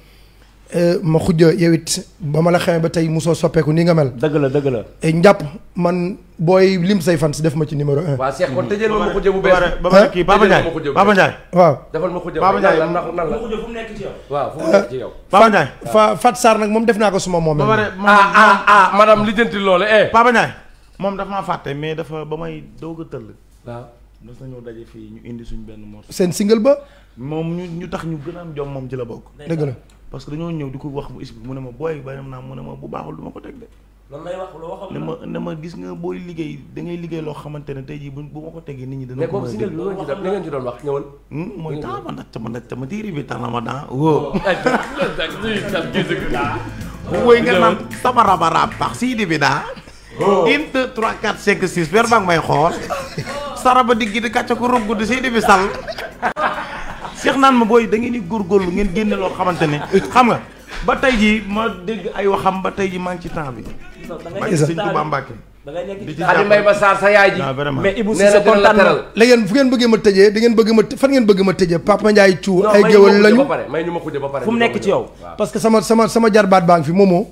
Eh, ma xujjo yewit ba ma la xamee ba tay muso soppeku ni nga mel. deug la deug la. Eh, njàpp man boy lim say fans def ma ci numéro 1 wa Cheikh kon tejeel ma xujjo bu bes ba ma kii Baba Ndiaye Baba Ndiaye. waaw defal ma xujjo Baba Ndiaye la la lan la xujjo fu nekk ci yow. wa fu nekk ci yow. Baba Ndiaye fa Fat sar nak mom def naa ko suma moom. ah ah ah madame lijjanti lolé eh. Baba Ndiaye mom dafa ma faté mais dafa ba may doog a tëll. waaw mos nañoo daje ñu indi suñu ben mort sen single ba. mom ñu tax ñu gën am jom mom ci la bok deug la parce que dañoo ñëw di ko wax bu isbi mu ne ma boy bay na mu ne ma bu baaxul duma ko teg de lan lay wax lu waxam ne ma ne ma gis nga boy liggéey da ngay liggéey lo xamantene tay ji bu ma ko tegee nit ñi dañu ko mais ci boobu lu ngeen ci doon wax ñëwal hmm, mooy taa ma ta ma nak ta ma diri bi ta na ma da wo moy nga naan sama rabara pax si di bi da ah. oh. une deux trois quatre cinq six weer baa ngi may xool saraba diggi di katcha ko rugg di si di bi sal Cheikh naan ma booy da ngeen di góorgóorlu ngeen génne loo xamante ne xam nga ba tey ji ma dégg ay waxam ba tey ji maa ngi ci temps bi. barke sëñ Tuubaa Mbàkke da ngay nekk ci Xadi Mbay ba Sarr sa yaay ji la ngeen fu ngeen bëggee ma tëjee da ngeen bëgg ma fan ngeen bëgg ma tëjee Papa Ndiaye Thiou ay géwal lañu fu mu nekk ci yow parce que sama sama sama jarbaat baa ngi fi moomoo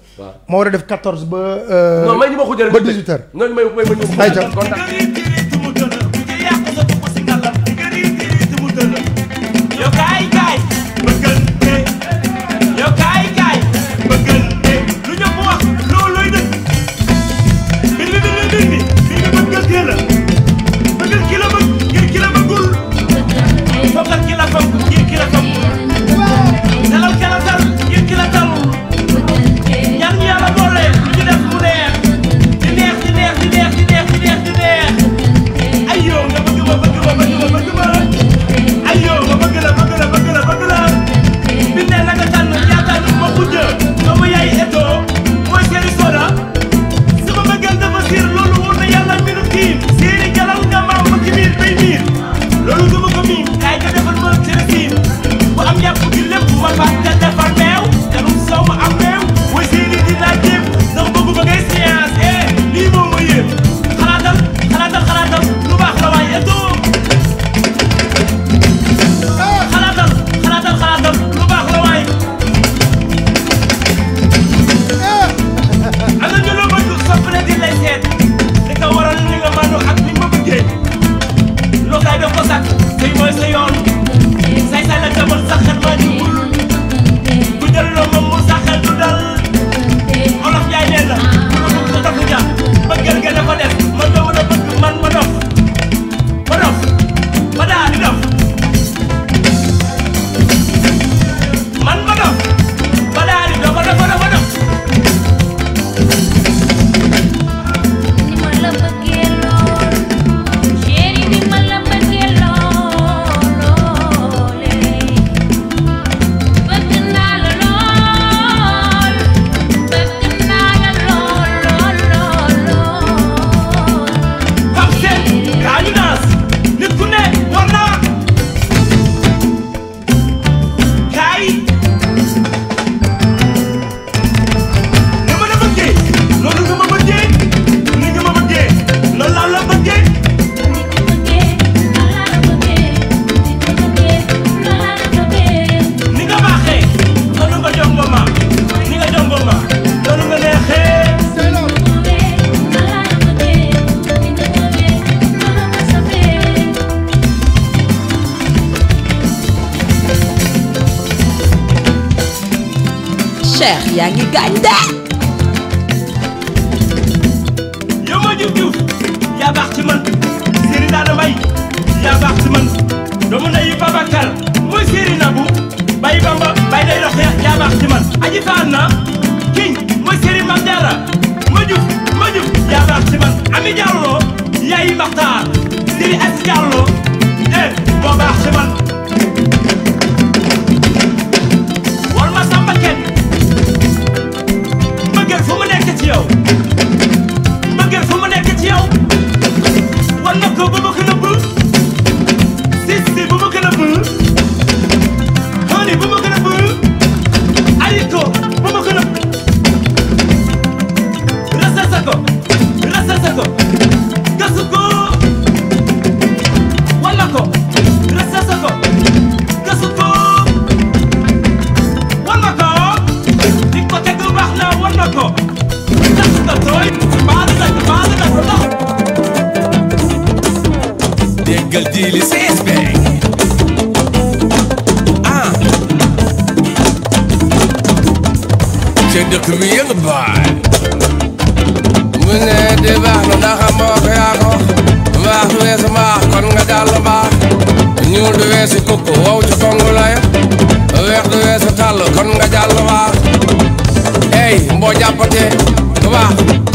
moo war a def 14 ba euh, non may ñu ma xujje ba 18 heures may may ma ñu yaa ngi ma jub yaa baax ci man Serigne Dada Mbaye yaa baax ci man doomu ndeyu Babacar mooy Serigne Nabou Baye Bamba Baye day dox yaa baax ci man. aji faal na mooy Serigne Mame ma jub ma jub yaa baax ci man Ami Diallo yaayi Maxtaar Serigne Asi Diallo eh moo baax ci man. được mía cái bài Mune đi vào nó đã hàm mơ cái ác ho Và huế sẽ mà còn ngã đá là ba Như đuế sẽ cố cố âu cho con ngồi lại Việc đuế sẽ thả lửa con ngã đá là ba Hey, bỏ giá bà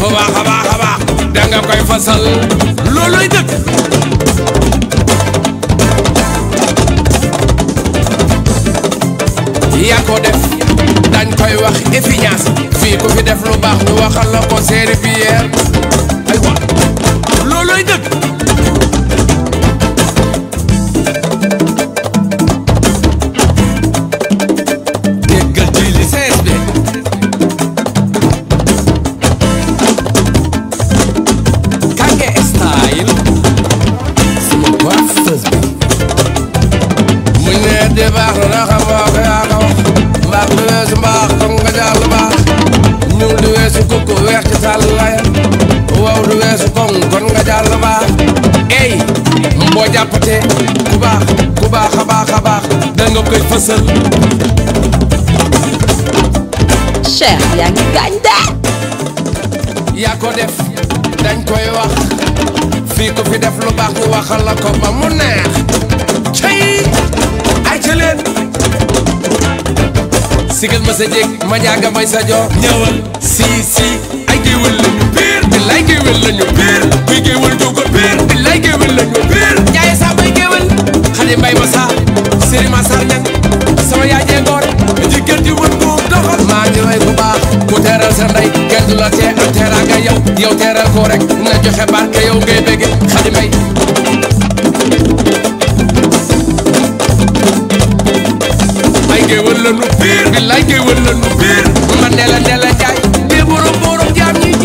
Hả hả hả hả Đang gặp cái phát sân Lôi lôi đực koy wax efficace fii ku fi def lu baax ñu waxal la ko série bière ay wa looloy dëgg la baax ey boo jàppatee ku baax a a da nga koy yaa de yaa ko def dañ koy wax fii ko fi def lu baax ñu waxal la ko ba mu neex cay ay ca leen sigal ma sa jég ma jaaga may sa jox ñëwal si ay géwël lañu billaay géwél lañu biir kuy géwél jógal biir billaay géwél lañu biir jaaye saa bay géwél xale mbay ma saa sëri ma sar ñan sama yaay jee ngoore jigéen ji wër ko doxal maa ngi way bu baax ku teeral sa ndey kenn du la tee am teeraanga yow yow teeral ko rek na joxe barke yow ngay bége xale mbay ay géwél lañu biir billaay géwél lañu biir ma ne la ne la jaay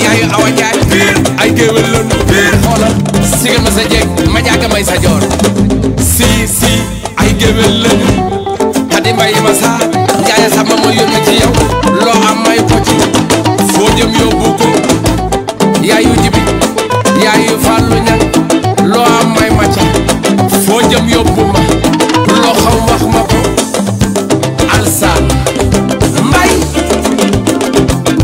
yaayu Awa Njaay biir ay géwél la nu biir xoolal siga ma sa jeeg ma jaaga may sa joor si si ay géwél la nu xadi mbay ma sa njaay sama ma yónni ci yow loo am may ko ci foo jëm yóbbu ko yaayu jibi yaayu fàllu ñan loo am may ma ca foo jëm loo xam wax ma ko alsaan mbay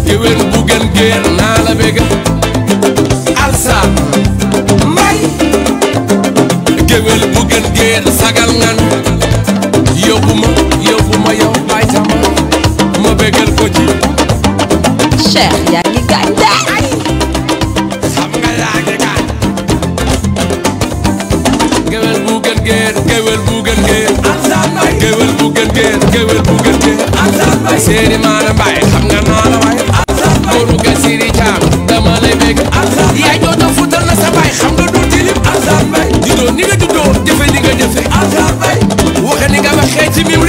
géwél bu géer la bëgg alsa mbay géwél bu gën géer sagal ngan yóbbu ma yóbbu ma yow mbay sama ma bëggal ko ci Cheikh yaa ngi gaañ de xam nga yaa ngi gaañ géwél bu gën géer géwél bu gën géer alsa mbay géwél bu gën géer géwél bu gën géer alsa mbay seeni maana mbay xam nga gente me